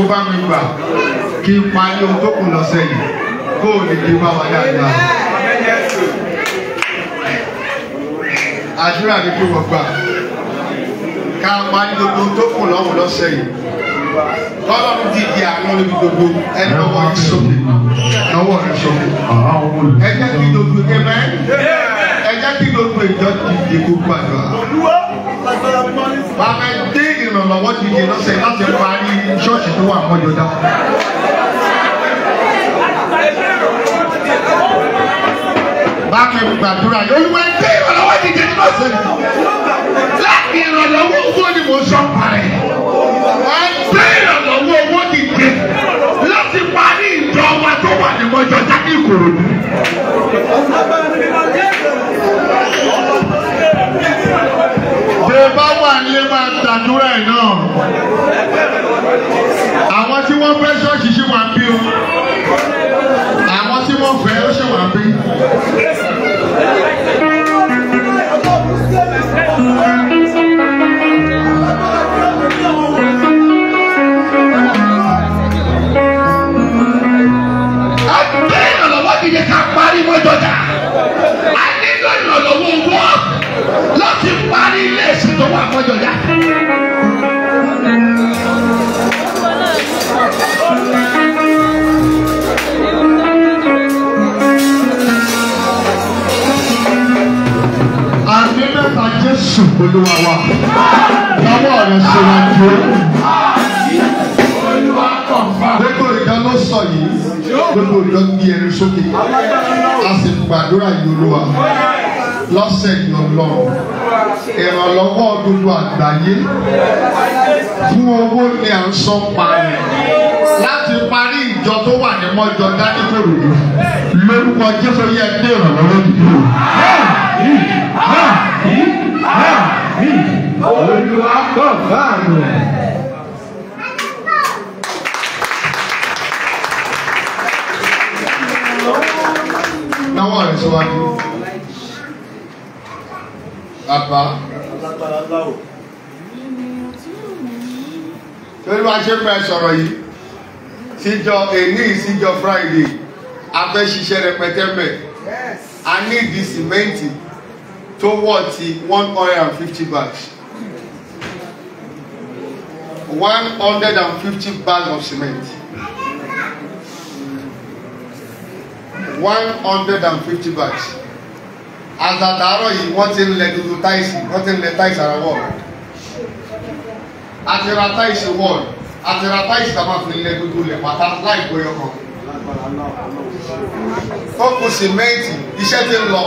kó bá mi gbà kí n parí ohun tó kù lọ́sẹ̀ yìí kó o lè dé bá wa dáadáa. àdúrà ni kí wọ́n gbà ká parí gbogbo ohun tó kù lọ́wọ́ lọ́sẹ̀ yìí lọ́lọ́run dìde àwọn olóbi gbogbo ẹni ọwọ́ yìí sókè lọ́wọ́ rẹ̀ sókè ẹ jẹ́ kí gbogbo ẹgbẹ́ ẹ jẹ́ kí gbogbo ìjọ dìde gbogbo àjọ. bàbá ẹ dé ìrànlọ́wọ́ dìde lọ́sẹ̀ láti parí ṣọ́ọ̀ṣì tó wà mọ́jọ́dá. bákẹ́mi gbàdúrà yìí olúwa ń gbé ìrànlọ́wọ́ dìde lọ́sẹ̀ láti ìrànlọ́wọ́ owó ni mo sọ parí. gbé ìrànlọ́wọ́ owó dìde láti parí ìjọ wa tó wà ní mọ́jọ́dá ní Ìkòròdú bẹ́ẹ̀ bá wà nílé máa tàdúrà ẹ̀ náà. Àwọn tí wọ́n fẹ́ ṣọ́ọ̀ṣì ṣì wà bí o. Àwọn tí wọ́n fẹ́ ó ṣì wà bí. Àbẹ́yìn ọ̀lọ́wọ́ ti yẹ láti parí ilé ìsìn tó wà mọ́jọ yá. àmì mẹ́ta Jésù Olúwa wa lọ́wọ́ rẹ̀ ṣe wá ju gbogbo ìjọ ló sọ yìí gbogbo ìjọ gbé ẹni sókè a sì gbàdúrà yìí Olúwa lọ́sẹ̀ yọlọ ìrànlọ́wọ́ gbogbo àgbáyé fún owó ni à ń sọ parí láti parí ìjọ tó wà ní mọ́jọ dání kòròdú lórúkọ Jésù yẹ dé ìrànlọ́wọ́ dìbò. Olúwa kọ̀ fáàmù rẹ̀. bàbá. alágbára láwò. lórí wá ṣe pẹ́ sọ̀rọ̀ yìí síjọ èní síjọ friday a fẹ́ ṣiṣẹ́ rẹpẹtẹ mẹ́ a ní ìdí sìmẹ́ǹtì tó wọ̀ ti one hundred and fifty bags one hundred and fifty bags of cement. One hundred and fifty bags àtàtàárọ̀ yìí wọ́n ti ń lẹ dúdú táìsì wọ́n ti ń lẹ táìsì ara wọ́ọ̀lù àti ra táìsì wọ́ọ̀lù àti ra táìsì tá a máa fi lẹ dúdú lẹ̀ pátá láì gbé ọkọ̀ tó kù sìmẹ́ǹtì iṣẹ́ ti ń lọ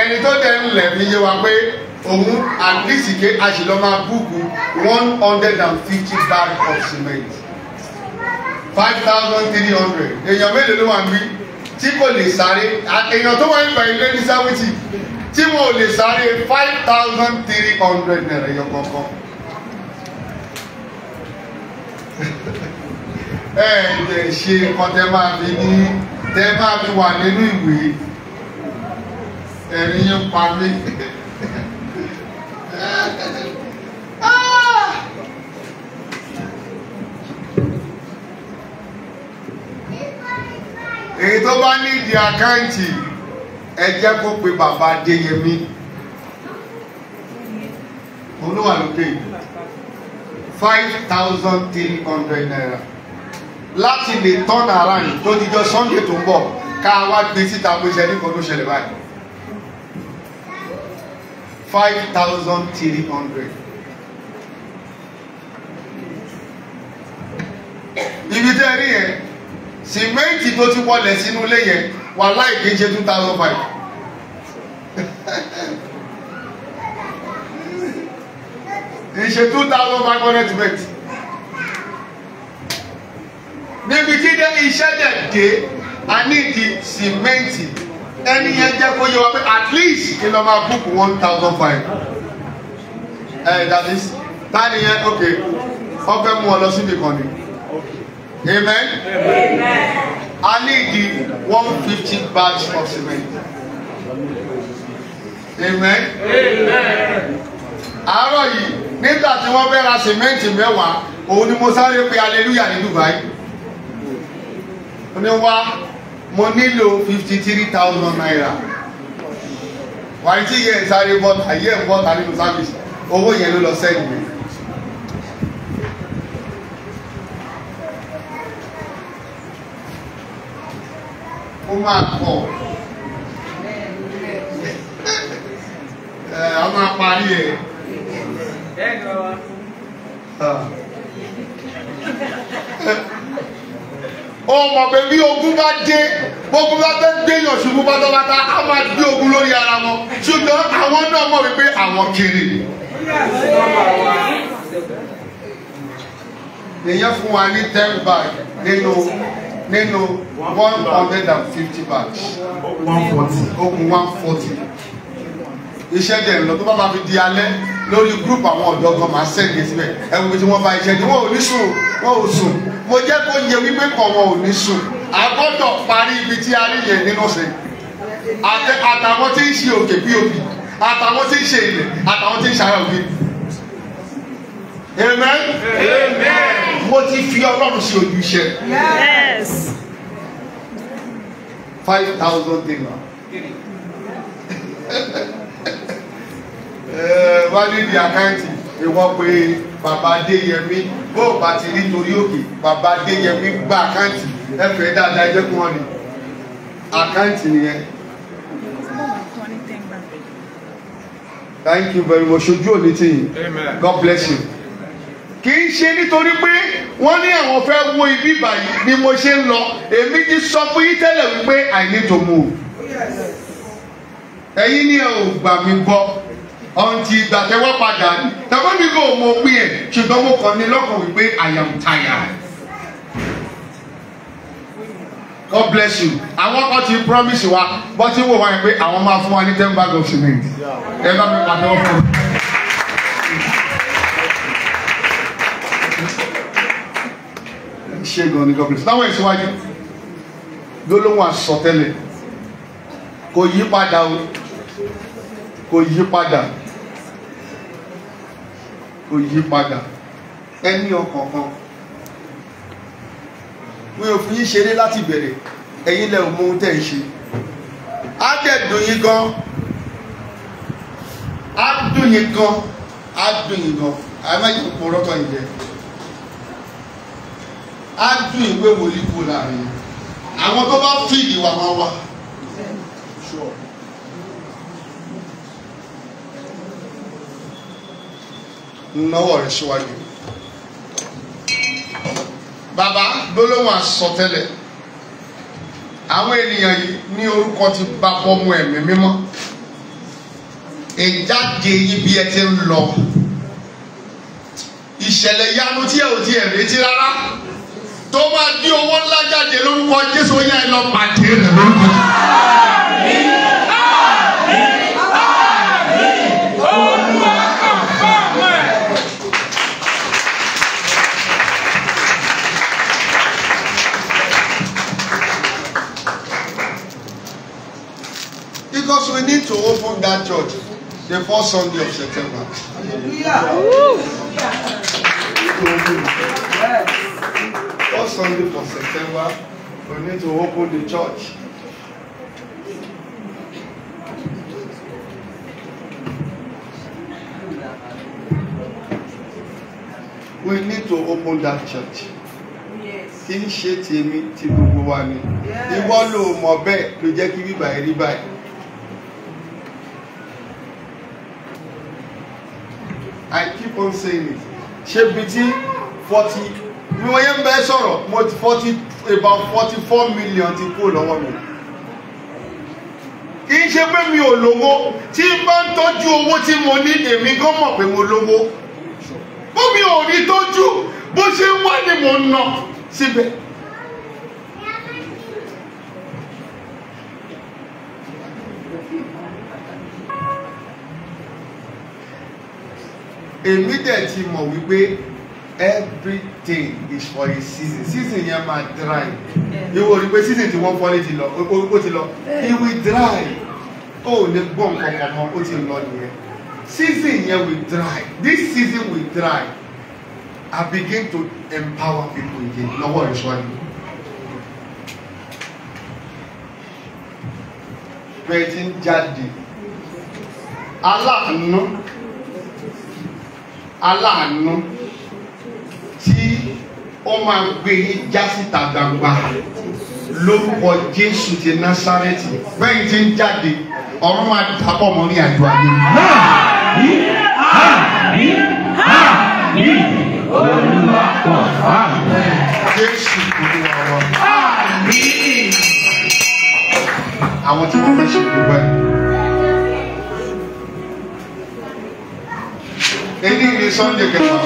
ẹni tó dẹ̀ ń lẹ̀ fi yé wa pé òun àdísìké àṣìlọ́ máa búùkù one hundred and fifty bag of cement five thousand three hundred èèyàn mélòó ló wà ń bí tí kò lè sáré èèyàn tó wọ́n ń gba ilé ní sáwìtì tí wọn ò lè sáré five thousand three hundred naira ẹyọ kọ̀ọ̀kan. ẹ ẹ lè ṣe nǹkan tẹ máa fi ní tẹ máa fi wà nínú ìwé ẹ̀rín yín pa mí. èyí tó bá nídìí àkáǹtì ẹ jẹ́ kó pe bàbá Adéyẹmí olúwa five thousand three hundred naira láti lè tọ́nà ara rìn lójijọ́ Sunday tó ń bọ̀ ká wá gbé síta pé ṣe nìkan ló ṣẹlẹ̀ báyìí five thousand three hundred. ibi tẹ́ rí yẹn sìmẹ́ǹtì tó ti wọlé sínú ilé yẹn wà láì kéje two thousand five. ìṣe two thousand five hundred mẹ́tì. níbi tí dé iṣẹ́ dẹ̀ dé a ní di sìmẹ́ǹtì ẹni yẹn jẹ́ kó yẹ wá pé at least kí ló máa book one thousand five. ẹ eh, that is tani yẹn ok ọbẹ̀ mú ọ lọ síbi kan ni. Amen. Amen. I need the 150 bags of cement. Amen. Amen. Àárọ̀ yìí nígbà tí wọ́n fẹ́ ra sìmẹ́ǹtì mẹ́wàá òun ni mo sáré pe hallelujah ní Dubai. Ó ní wá mo nílò fifty three thousand naira. Wàá tí yẹn sáré bọ́ta yẹn bọ́ta nínú sábìsì owó yẹn ló lọ sẹ́yìn mi. máa kọ̀ ẹ̀ a máa parí ẹ̀. ó mọ̀ pé bí ogun bá dé gbogbo bá fẹ́ gbéyàn ṣubú pátápátá á máa gbé ogun lórí ara wọn ṣùgbọ́n àwọn náà mọ̀ wípé àwọn kéré èèyàn fún wa ní ten bag nínú nínú one hundred and fifty bags okùn one forty iṣẹ́ dẹ̀ ń lọ tó bá máa fi di alẹ́ lórí group àwọn ọ̀dọ́ kan máa ṣẹ́gi síbẹ̀ ẹ̀wọ̀n tí wọ́n bá iṣẹ́ ni wọ́n ò ní sùn wọ́n ò sùn mo jẹ́ kó yẹ wípé kọ̀ wọ́n ò ní sùn a gbọ́dọ̀ parí ibi tí a rí yẹn nínú ṣe àtàwọn tí ń ṣe òkè bí òbí àtàwọn tí ń ṣe ilẹ̀ àtàwọn tí ń ṣe ara òbí. amen. amen mo ti fi ọlọ́run ṣe ojúṣe. yes. five thousand naira. Eh, wọ́n ní di àkáǹtì ìwọ́n pé bàbá adéyẹmí bó o bá ti rí torí òkè bàbá adéyẹmí gba àkáǹtì ẹ fẹ́ dáadáa jẹ́ kí wọ́n ní àkáǹtì nìyẹn. Thank you very much. Ojú òní tí yìí. God bless you kì í ṣe nítorí pé wọ́n ní àwọn fẹ́ wo ibi báyìí ni mo ṣe ń lọ èmi ti sọ fún yín tẹ́lẹ̀ wípé I need to move ẹ̀yin ni ẹ ò gbà mí gbọ́ ọ̀ǹtì ìgbà tẹ́wọ́ padà ní tẹ́wọ́ mi kò mọ pín ẹ̀ ṣùgbọ́n mo kàn ní lọ́kàn wípé I am tired. God bless you. Àwọn kan ti promise wa, bọ́tí wò wá yẹn pé àwọn máa fún wa ní ten bag of cement. Ẹ bá mi pàtẹ́wọ́ fún ṣe gan ní gọ́ọ̀mẹ̀ntì láwọn ìsíwájú gbólóhùn àsọtẹ́lẹ̀ kò yí padà o kò yí padà kò yí padà ẹni ọ̀kọ̀ọ̀kan mi ò fi yín ṣeré láti bẹ̀rẹ̀ ẹ̀yin lẹ̀ ò mú tẹ̀ ń ṣe á dẹ̀ dùn yín gan á dùn yín gan á dùn yín gan àmọ́ ìkókò rọ́tọ̀ yìí jẹ́ á dún ìwé wòlíì kù láàrin àwọn tó bá fìlì wà máa wà. náwó rẹ síwájú bàbá gbólóhùn àsọtẹ́lẹ̀ àwọn ènìyàn yìí ní orúkọ ti bá bọmú ẹ̀mí mímọ́ ìjáde yìí bí ẹ ti ń lọ ìṣẹ̀lẹ̀ yanu tí ẹ ò ti ẹ retí rárá tó máa di owó ńlá jáde lórúkọ Jésù yá lọ pàdé rẹ lórúkọ Because we need to open that church the first Sunday of September. Hallelujah. Hallelujah. First Sunday for September, we need to open the church. We need to open that church. Kì í ṣe tèmi tí gbogbo wa ni. Ìwọ ló mọ̀ bẹ́ẹ̀ ló jẹ́ kí bíbá ẹ rí báyìí. I keep on saying it. Ṣé bíi tí forty bí wọ́n yẹn ń bẹ́ sọ̀rọ̀ mo ti forty about forty four million ti kúrò lọ́wọ́ mi kì í ṣe pé mi ò lówó tí n bá ń tọ́jú owó tí mo ní èmi gan mọ̀ pé mo lówó bó mi ò ní tọ́jú bó ṣe ń wá ni mò ń nà síbẹ̀. èmi dẹ̀ ti mọ̀ wípé everything is for a season season yẹn máa dry ìwọ rí pé season tí wọ́n fọ́lé ti lọ ó ti lọ it will dry ó lè gbọ́ nǹkan kan mọ́ ó ti lọ nìyẹn season yẹn will dry this season will dry I begin to empower people again lọ́wọ́ ìṣọ́ni. bẹ́ẹ̀ ti ń jáde aláàánú aláàánú ó máa gbé yín já síta gbangba lórúkọ jésù ti násárẹ́tì bẹ́ẹ̀ ti ń jáde ọ̀run máa dàpọ̀ mọ́ ní àjọ ayé. àmín àmín àmín olúwa pọ̀ àmín. jésù olúwa wa. àmín. àwọn tí wọ́n fẹ́ ṣe gbogbo ẹ̀. èyí ni sunday kẹfà.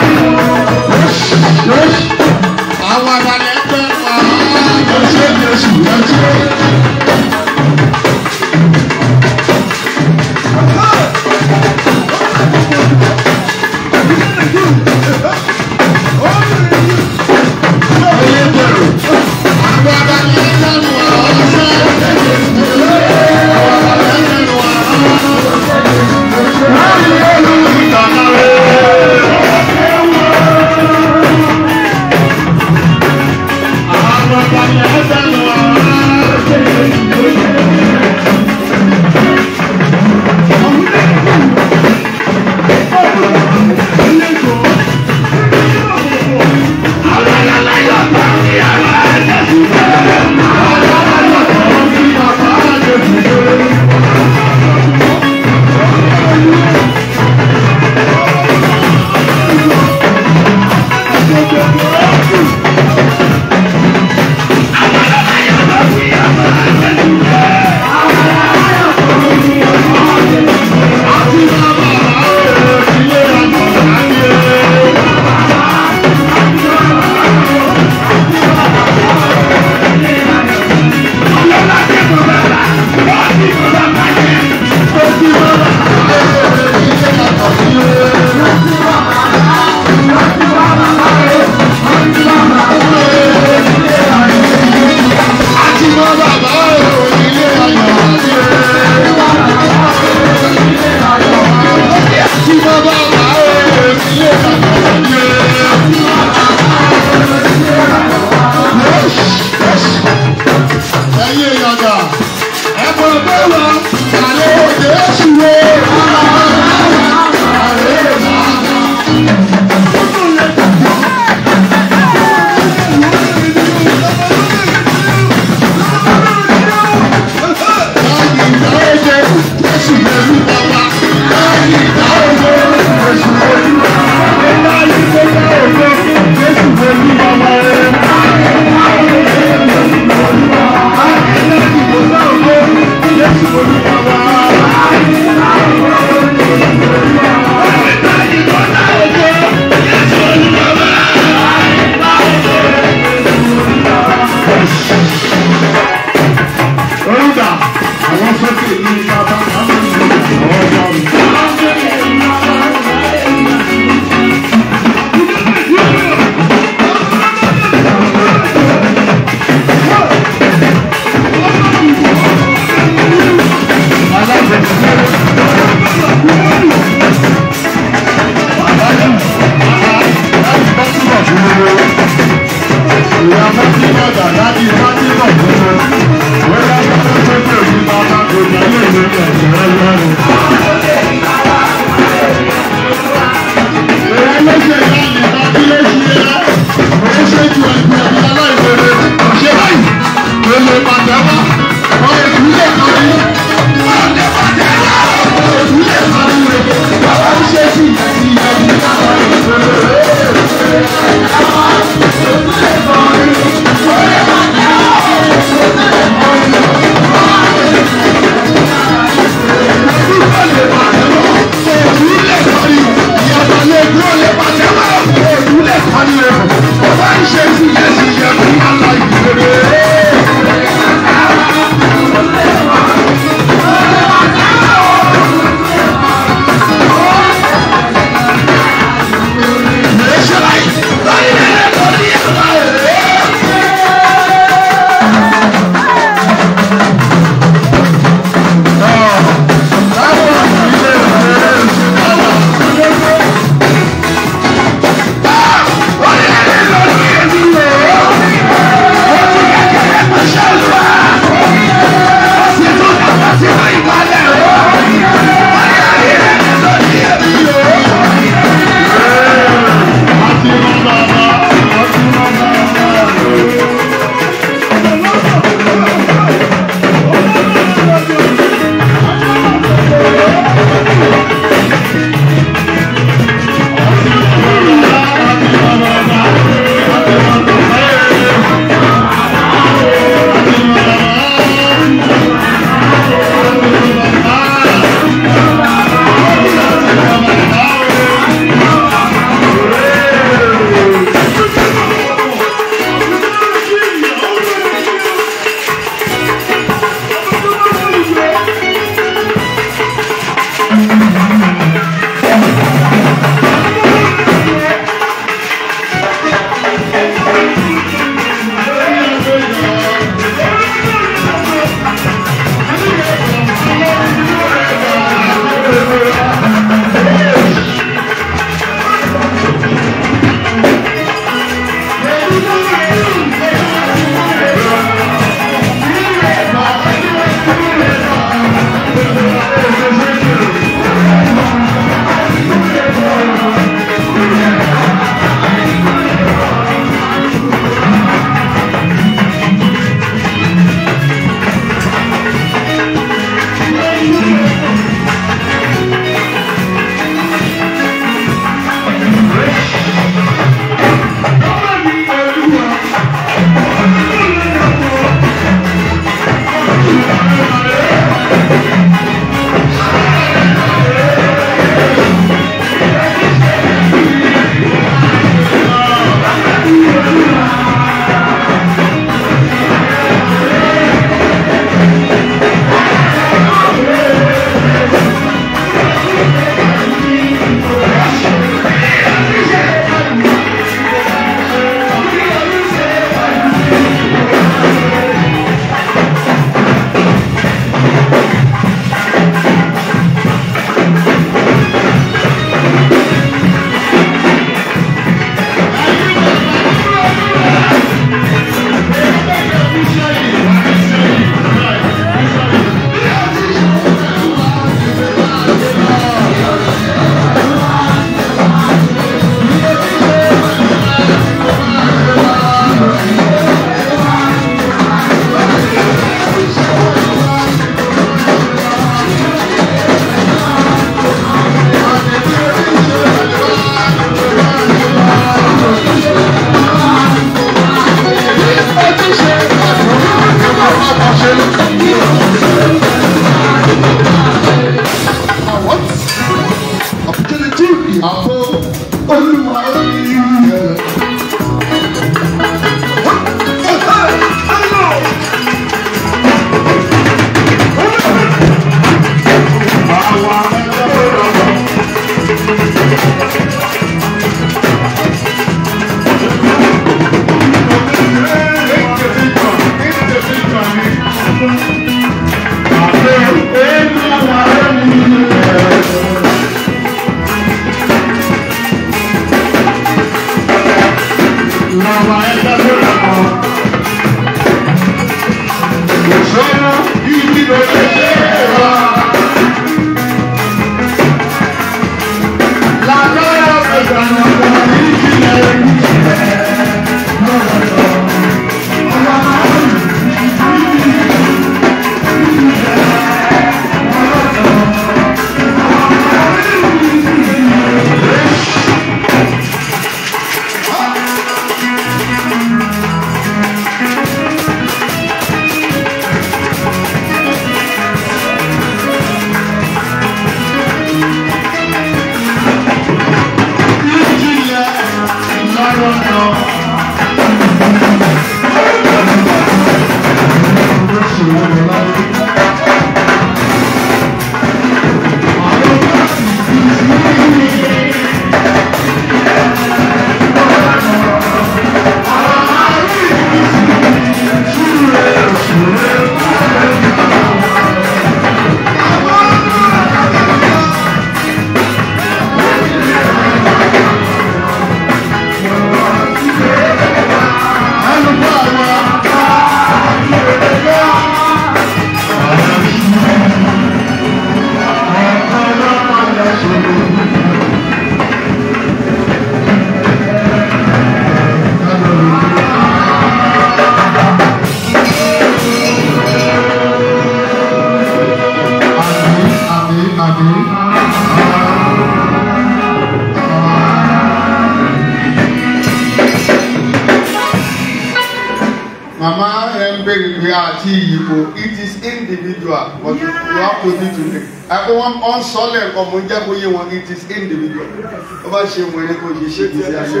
bá ṣe mọ̀ ẹ́ kó ṣe ṣe ìgbésí ayé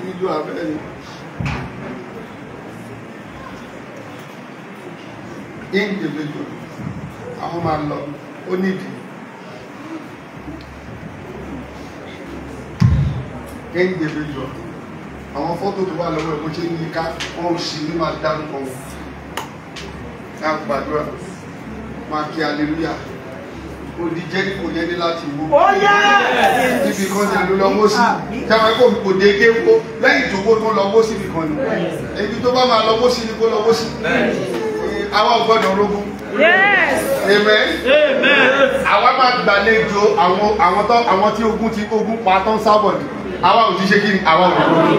ìdíjú abẹ́ ni. individual àwọn máa lọ ó nídìí individual àwọn fọ́tò tó wà lọ́wọ́ ẹ̀ bó ṣe ń yí ká wọn ò sì ní máa dárúkọ wọn ká gbàdúrà máa kí aleluya òdíjẹ́ kò yẹ ní láti wo. ó yẹ. níbi kan ní ló lọ́wọ́ sí táwọn kò kò déédéé wo lẹ́yìn tó kó tó lọ́wọ́ sí nìkan ni ibi tó bá máa lọ́wọ́ sí ni kó lọ́wọ́ sí. àwa ò gbọ́dọ̀ rógún. yes. amen. amen. àwa máa gbàlejò àwọn àwọn tó àwọn tí ogun ti ogun pa tó ń sábọ̀ ni àwa ò ti ṣe kí ni àwa ò rógún.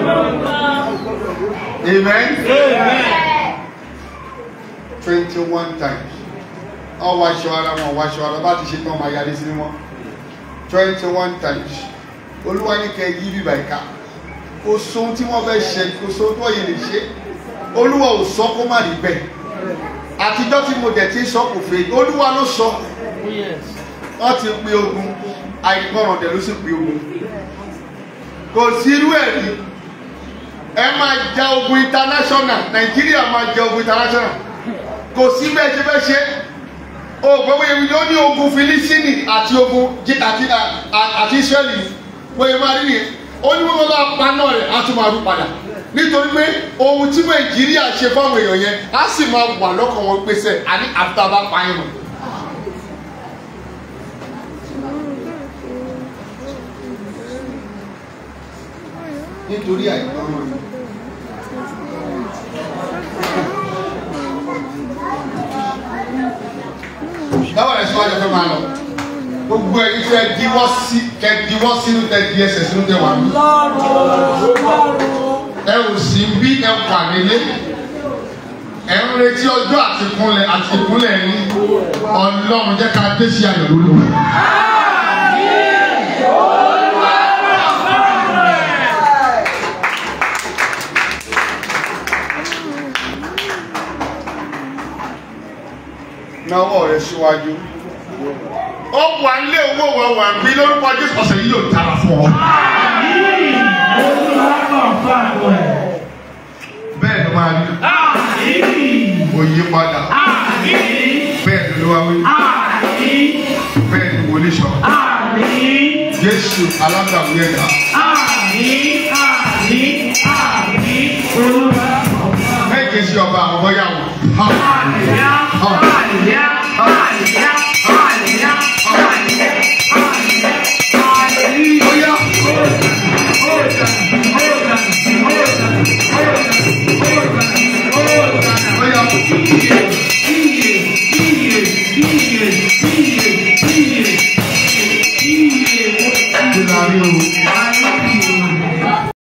amen. amen. twenty one times ọ wáṣọ ara wọn wáṣọ ara bá ti ṣe tán máa yarí sí wọn twenty one times olúwa ní kẹ yí bíbá ìka kò sóhun tí wọ́n fẹ́ ṣe kò sóhun tó yẹ lè ṣe olúwa ò sọ kó má rí bẹ́ẹ̀ àtijọ́ tí mo dẹ̀ ti sọ kò fẹ́ olúwa ló sọ wọ́n ti pe ogun àìgbọràn dẹ̀ ló sì pe ogun kò sí irú ẹ̀ rí ẹ máa ja ogun international nàìjíríà máa ja ogun international kò sí bẹ́ẹ̀ ṣe bẹ́ẹ̀ ṣe o gbogbo ewu ló ní ogun filistini àti ogun àti àti israeli wọ́n máa rí nìyẹn ó ní wọ́n máa pa náà rẹ̀ á tún máa rú padà nítorí pé ohun tí nàìjíríà ṣe fáwọn èèyàn yẹn á sì máa wà lọ́kàn wọn pèsè àní àfitábá pààyàn. nítorí àìgbọràn báwo lẹ sọ àjọ fẹ́ máa lọ gbogbo ẹni fẹ́ diwọ́ sí kẹ diwọ́ sínú tẹ di ẹsẹ̀ sínú tẹ wà mí. ẹ ò sí bí ẹ wà nílé ẹ ń retí ọjọ́ àtìkúnlẹ̀ àtìkúnlẹ̀ ní ọlọ́run jẹ́ ká dé sí ayọ̀ lólu. náwó rẹ síwájú ó wà nílé owó wà wà bí lórúkọ Jésù ọ̀sẹ̀ yìí yóò dára fún ọ. bẹ́ẹ̀ ló máa rí òye padà bẹ́ẹ̀ ló wá wí bẹ́ẹ̀ ni wòlé sọ Jésù alágbàwé ẹ̀dá. àmín àmín àmín olùkọ́ ké sí ọba àwọn ọmọ yà wọ́n. Hallelujah! Hallelujah! Hallelujah! Hallelujah! Thank you.